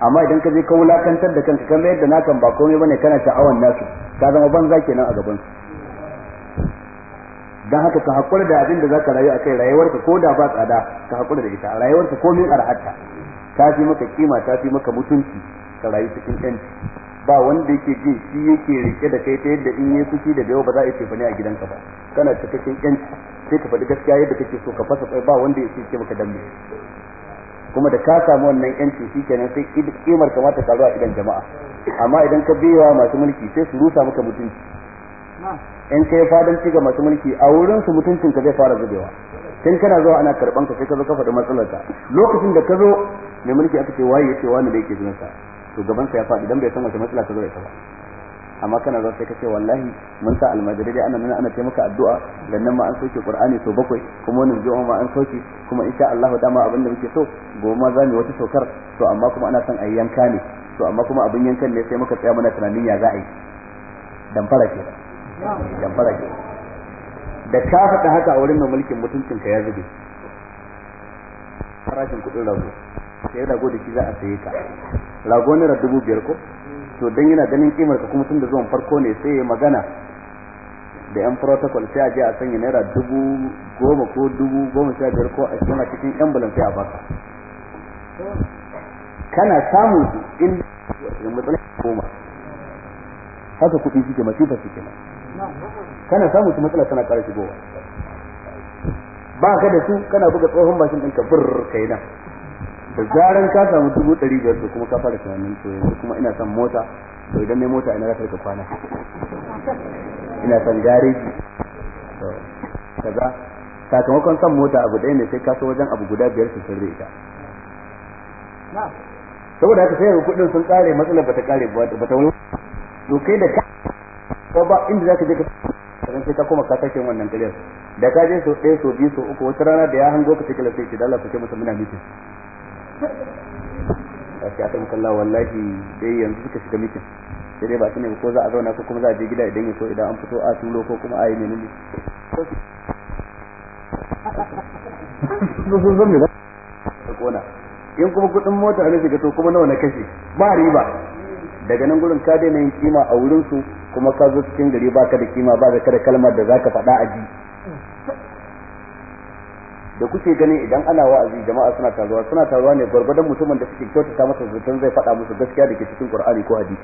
amma idan ka je ka wulakantar da kanka kamar yadda na kan ba komai bane kana sha'awan nasu ka zama banza kenan a gaban su dan haka ka hakura da abin da zaka rayu akai rayuwarka ko da ba tsada ka hakura da ita rayuwarka komai arhatta ta fi maka kima ta fi maka mutunci ka rayu cikin yanci ba wanda yake ji shi yake rike da kai ta yadda in yi kuci da yau ba za a ce bane a gidanka ba kana cikakken yanci sai ka faɗi gaskiya yadda kake so ka fasa ba wanda yake ce maka dambe kuma da ka samu wannan yanci nan sai kimar kamata ka zuwa idan jama'a amma idan ka biya masu mulki sai su rusa maka mutunci in kai ci ga masu mulki a wurin su mutuncin ka zai fara zubewa tun kana zuwa ana karban ka sai ka zo ka faɗi matsalar ka lokacin da ka zo mai mulki aka ce waye yace wani da yake jinsa to gaban ya faɗi dan bai san wace matsala ta zo ya ba amma kana zo sai ka ce wallahi mun sa almajiri dai ana nuna ana taimaka addu'a dan nan ma an soke qur'ani so bakwai kuma wannan jiwa ma an soke kuma insha Allah dama abin da muke so gobe ma zamu wata saukar to amma kuma ana son a yanka ne to amma kuma abin yankan ne sai muka tsaya mana tunanin ya za a yi dan fara ke dan fara ke da ka fada haka a wurin mai mulkin mutuncin ka ya zube farashin kuɗin rago sai rago da shi za a saye ka rago naira dubu biyar ko to dan yana ganin kimar ka kuma tun da zuwan farko ne sai ya magana da yan protocol sai a je a sanya naira dubu goma ko dubu goma sha biyar ko ashirin a cikin ambulance sai a baka kana samun su in da matsalar koma haka kuɗi suke masifa suke kenan, kana samun su matsala tana ƙara shigowa ba ka da su kana buga tsohon bashin ɗinka burr kai nan da zaran ka samu dubu ɗari biyar to kuma ka fara tunanin to yanzu kuma ina son mota to idan mai mota ina za ka kwana ina son gareji to kaza sakamakon son mota abu ɗaya ne sai ka so wajen abu guda biyar su sirri ita saboda haka sai kuɗin sun ƙare matsalar kare ƙare ta wani to kai da ka ko ba inda za ka je ka sannan sai ka koma ka sake wannan ƙaryar da ka je so ɗaya so biyu so uku wata rana da ya hango ka cikin lafiya ce da Allah ku ce masa muna mitin ba shi aka makalla wallahi dai yanzu suka shiga mitin sai dai ba su ne ko za a zauna ko kuma za a je gida idan ya so idan an fito a tulo ko kuma a yi menene in kuma kudin mota ne shiga to kuma nawa na kashe ba riba daga nan gurin ka daina yin kima a wurin su kuma ka zo cikin gari baka da kima ba da kada kalmar da zaka faɗa a ji da kuke ganin idan ana wa'azi jama'a suna taruwa suna taruwa ne gwargwadon mutumin da suke kyautata masa zaton zai faɗa musu gaskiya da ke cikin qur'ani ko hadisi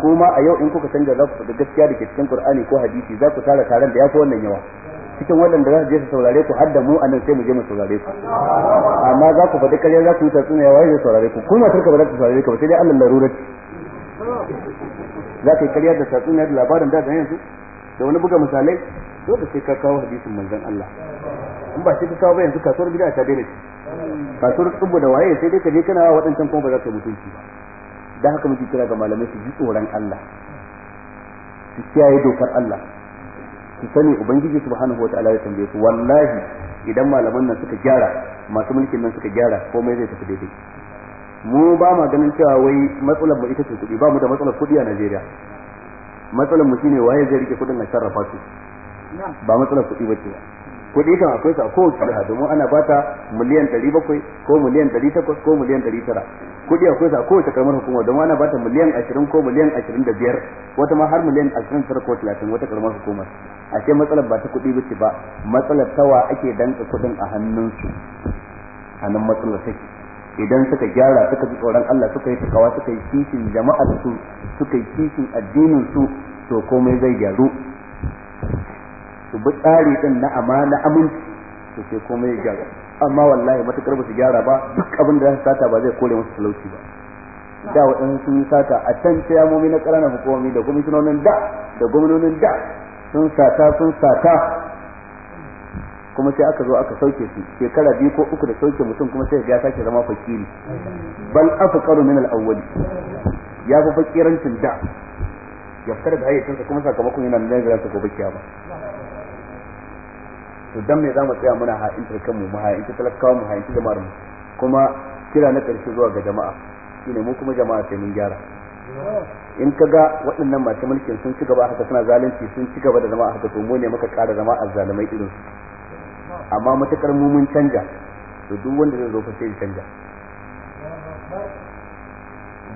kuma a yau in kuka canza za ku faɗi gaskiya da ke cikin qur'ani ko hadisi za ku tara taron da ya fi wannan yawa cikin waɗanda za su je su saurare ku har da mu anan sai mu je mu saurare ku amma za ku faɗi ƙarya za ku yi tatsuniya yawa zai saurare ku kuma turka ba za ku saurare ku ba sai dai Allah larurar za ka yi ƙarya da tatsuniya da labarin da yanzu da wani buga misalai dole sai ka kawo hadisin manzon Allah in ba sai ka kawo yanzu kasuwar bid'a ta daina kasuwar tsubu da waye sai dai ka je kana waɗancan kuma ba za ka mutunci ba dan haka muke kira ga malamai su ji tsoron Allah su kiyaye dokar Allah su sani ubangiji subhanahu wataala ya tambaye su wallahi idan malaman nan suka gyara masu mulkin nan suka gyara komai zai tafi daidai mu ba ma ganin cewa wai matsalar mu ita ce kuɗi ba mu da matsalar kuɗi a Najeriya matsalar mu shine waye zai rike kuɗin a sarrafa su ba matsalar kuɗi ba ce kuɗi kan akwai su a kowace jiha domin ana bata miliyan ɗari bakwai ko miliyan ɗari takwas ko miliyan ɗari tara kuɗi akwai su a kowace karamar hukuma domin ana bata miliyan ashirin ko miliyan ashirin da biyar wata ma har miliyan ashirin tara ko talatin wata karamar hukumar a ce matsalar ba ta kuɗi bace ba matsalar tawa ake danka kuɗin a hannunsu a nan matsalar take idan suka gyara suka ji tsoron Allah suka yi takawa suka yi kishin jama'ar su suka yi kishin addinin su to komai zai gyaru su bi tsari din na amana aminci to sai komai ya gyara amma wallahi matukar ba su gyara ba duk abin da za su sata ba zai kore musu talauci ba da waɗansu sun yi sata a can ciyamomi na ƙananan hukumomi da gwamnatonin da da gwamnonin da sun sata sun sata kuma sai aka zo aka sauke su shekara biyu ko uku da sauke mutum kuma sai ya sake zama fakiri bal afqaru min al-awwali ya fi fakirancin da ya fitar da hayyacinsa kuma sakamakon yana nan da ko gobe ba to dan me zamu tsaya muna ha'intar kanmu mu ha'intar talakawa mu ha'intar jama'ar mu kuma kira na karshe zuwa ga jama'a shine mu kuma jama'a sai mun gyara in ka ga waɗannan masu mulkin sun ci gaba haka suna zalunci sun ci gaba da zama haka to mu ne muka ƙara zama a zalimai irin su amma matakar mu mun canja to duk wanda zai zo fa sai canja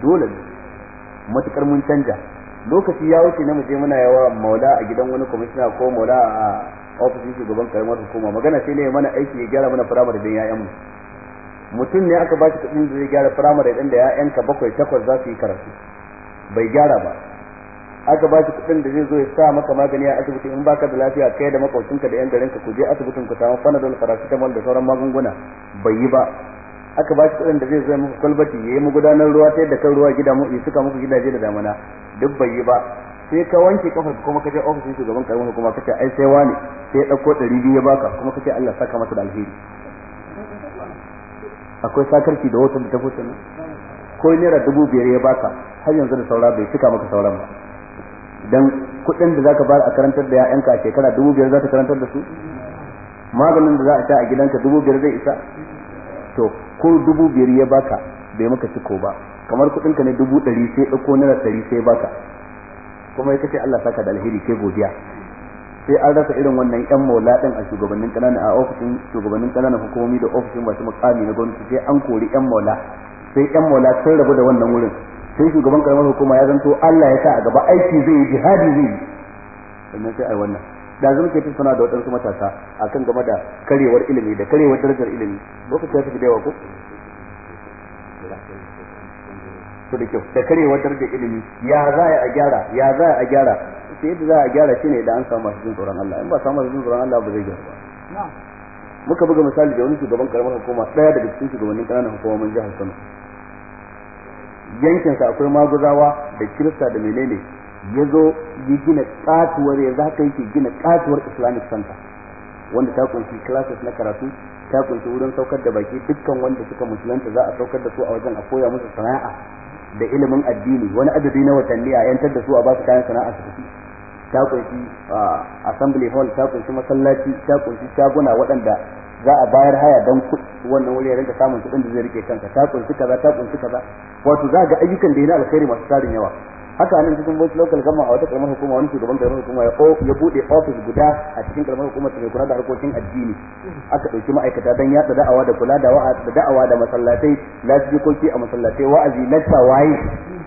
dole matakar mun canja lokaci ya wuce na mu je muna yawa maula a gidan wani kwamishina ko maula a ofishin shugaban karamar hukuma magana sai ne mana aiki ya gyara mana firamare din ya'yan mu mutum ne aka bashi kuɗin da zai gyara firamare din da ya'yan ka bakwai takwas za su yi karatu bai gyara ba aka bashi kuɗin da zai zo ya sa maka magani a asibiti in baka da lafiya kai da makwabcinka da yan garin ka ku je asibitin ku samu panadol paracetamol da sauran magunguna bai yi ba aka bashi kuɗin da zai zo muku kwalbati yayi mu gudanar ruwa sai da kan ruwa gida mu suka muku gidaje da damana duk bai yi ba sai ka wanke kafar kuma ka je ofishin shugaban karamar hukuma ka ce ai sai wani sai ɗauko ɗari biyu ya baka kuma kace Allah saka masa da alheri akwai sakarci da wata da ta fusa ne? ko naira dubu biyar ya baka har yanzu da saura bai cika maka sauran ba dan kuɗin da zaka bar a karantar da ƴaƴanka a shekara dubu biyar zaka karantar da su maganin da za a sha a gidanka dubu biyar zai isa to ko dubu biyar ya baka bai maka ciko ba kamar kuɗin ka ne dubu ɗari sai ɗauko naira ɗari sai baka kuma ya kace Allah saka da alheri sai godiya sai an rasa irin wannan yan maula din a shugabannin kanana a ofishin shugabannin kanana hukumomi da ofishin masu mukami na gwamnati sai an kori yan maula sai yan maula sun rabu da wannan wurin sai shugaban karamar hukuma ya zanto Allah ya sa a gaba aiki zai yi jihadi zai yi sannan sai ai wannan da zan ke tattauna da waɗansu matasa akan game da karewar ilimi da karewar darajar ilimi lokaci ya fi da yawa ko to da kyau da karewar darajar ilimi ya za a gyara ya za a gyara sai yadda za a gyara shi ne idan an samu masu tsoron Allah in ba samu masu jin tsoron Allah ba zai gyara ba muka buga misali da wani shugaban karamar hukuma daya daga cikin shugabannin hukuma hukumomin jihar Kano sa akwai maguzawa da kirista da menene ya zo yi gina katuwar ya za ka ke gina katuwar islamic center wanda ta kunshi classes na karatu ta kunshi wurin saukar da baki dukkan wanda suka musulunta za a saukar da su a wajen a koya musu sana'a da ilimin addini wani adadi na watanni a yantar da su a basu su kayan sana'a su tafi ta kunshi assembly hall ta kunshi masallaci ta kunshi shaguna waɗanda za a bayar haya don wannan wuri ya rinka samun kuɗin da zai rike kanka ta kunshi kaza ta kunshi kaza wato za ga ayyukan da yana alkhairi masu tarin yawa haka nan cikin Bauchi local gama a wata karamar hukuma wani shugaban karamar hukuma ya bude office guda a cikin karamar hukuma ta mai kula da harkokin addini aka dauki ma'aikata don yatsa da'awa da kula da da'awa da masallatai lasikoki a masallatai wa'azi lacca waye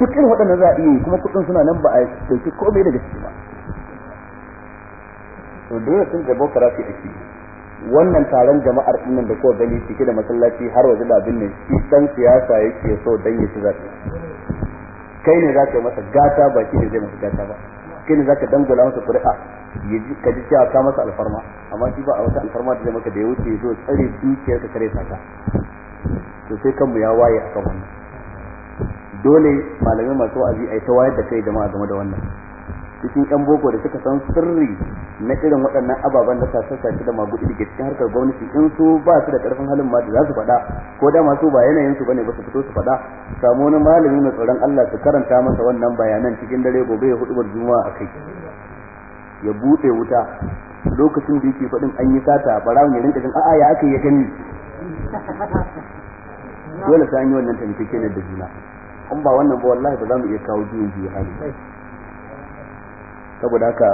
duk irin waɗannan za a iya kuma kuɗin suna nan ba a dauki komai daga ciki ba to dole sun ga bokarafi ciki. wannan taron jama'ar nan da kowa gani cike da masallaci har waje da abin nan shi dan siyasa yake so dan ya ci zaɓe kai ne za ka masa gata ba shi ne zai masa gata ba kai ne za ka dangula masa ƙuri'a ka ji cewa ka masa alfarma amma shi ba a wata alfarma da zai maka da ya wuce ya zo tsare dukiyar ka kare ta to sai kanmu ya waye a kan wannan dole malamai masu wa'azi a ta wayar da kai jama'a game da wannan cikin yan boko da suka san sirri na irin waɗannan ababen da sassa da magudi dake cikin harkar gwamnati in su ba su da karfin halin ma da za su faɗa ko da masu ba yanayin su bane ba su fito su faɗa samu wani malami mai tsoron Allah su karanta masa wannan bayanan cikin dare gobe ya hudubar juma'a kai ya buɗe wuta lokacin da yake faɗin an yi sata barawun ya rinka jin a'a ya aka ya gani (laughs) dole sai an yi wannan tantance kenan da juna an ba wannan ba wallahi ba za mu iya kawo juyin juyi hali saboda haka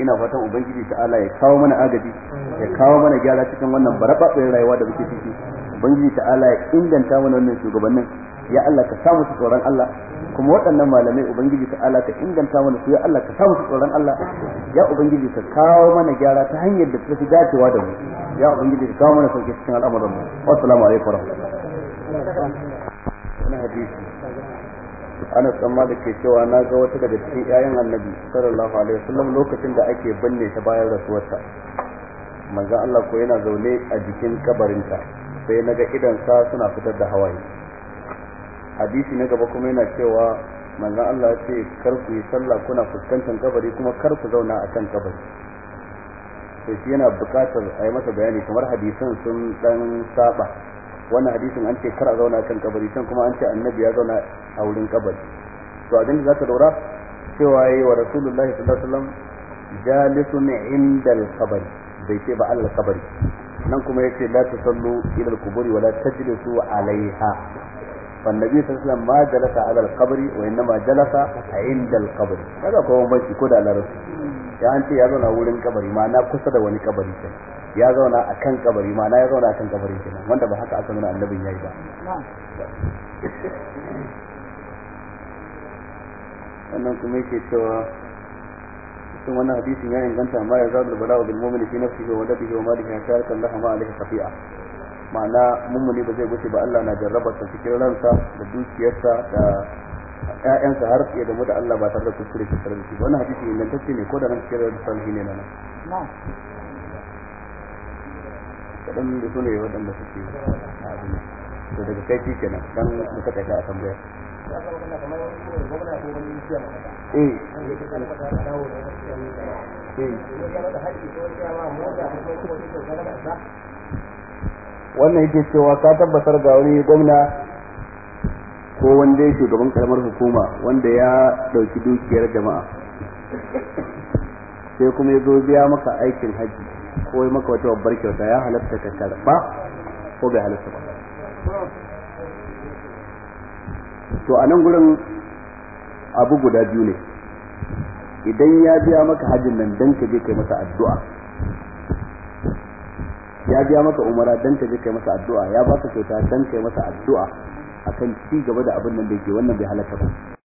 ina fatan ubangiji ta ala ya kawo mana agaji ya kawo mana gyara cikin wannan barababin rayuwa da muke ciki ubangiji ta ala ya inganta mana wannan shugabannin ya Allah ka samu su tsoron Allah kuma waɗannan malamai ubangiji ta ala ka inganta mana su ya Allah ka samu su tsoron Allah ya ubangiji ka kawo mana gyara ta hanyar da ta fi dacewa da mu ya ubangiji ka kawo mana sauki cikin al'amuran mu assalamu alaikum warahmatullahi wabarakatuh ana tsamma da ke cewa na ga wata daga cikin ƴaƴan annabi sallallahu alaihi wasallam lokacin da ake binne ta bayan rasuwarta manzon Allah ko yana zaune a jikin kabarinta sai naga idan sa suna fitar da hawaye hadisi na gaba kuma yana cewa manzon Allah ya ce kar ku yi sallah kuna fuskantar kabari kuma kar ku zauna akan kabari sai yana bukatar a yi masa bayani kamar hadisan sun dan saba wannan hadisin an ce kar a zauna kan kabari can kuma an ce annabi ya zauna a wurin kabari to abin da zaka daura cewa yi wa rasulullahi sallallahu alaihi wasallam jalisun indal kabari bai ce ba Allah kabari nan kuma yace la sallu ila al-quburi ta la tajlisu alaiha فالنبي sallallahu الله عليه وسلم ما جلس على القبر وانما a عند kabari kada ko ban ko da larabci ya an ce ya zauna wurin kabari ma na kusa da wani kabari kenan ya zauna a kan kabari ma na ya zauna a kan kabari kenan wanda ba haka aka nuna annabin yayi ba wannan kuma yake cewa sun wannan hadisin ya inganta amma ya zaɓi bala'u bil mu'min fi nafsihi wa waladihi wa malihi shayar yarkan Allah ma alaihi safi'a ma'ana mummuni ba zai guce ba Allah na jarraba ta cikin ransa da dukiyarsa da ƴaƴansa har ya da da Allah ba tare da kuskure ta sarrafi wannan hadisi ingantacce ne ko da nan cikin sahihi ne nan kaɗan da su ne waɗanda suke ke abin da daga kai shi kenan dan mu ta a tambayar eh. eh. wannan yake cewa ka tabbatar ga wani gwamna ko wanda ya shugaban karamar hukuma wanda ya ɗauki dukiyar jama'a sai kuma ya zo biya maka aikin hajji ko yi maka wata babbar kyauta ya halatta ka karba ko bai halatta ba to a nan gurin abu guda biyu ne idan ya biya maka hajjin nan dan ka je kai masa addu'a ya biya maka umara dan ka je kai masa addu'a ya baka kyauta dan kai masa addu'a akan ci gaba da abin nan da yake wannan bai halatta ba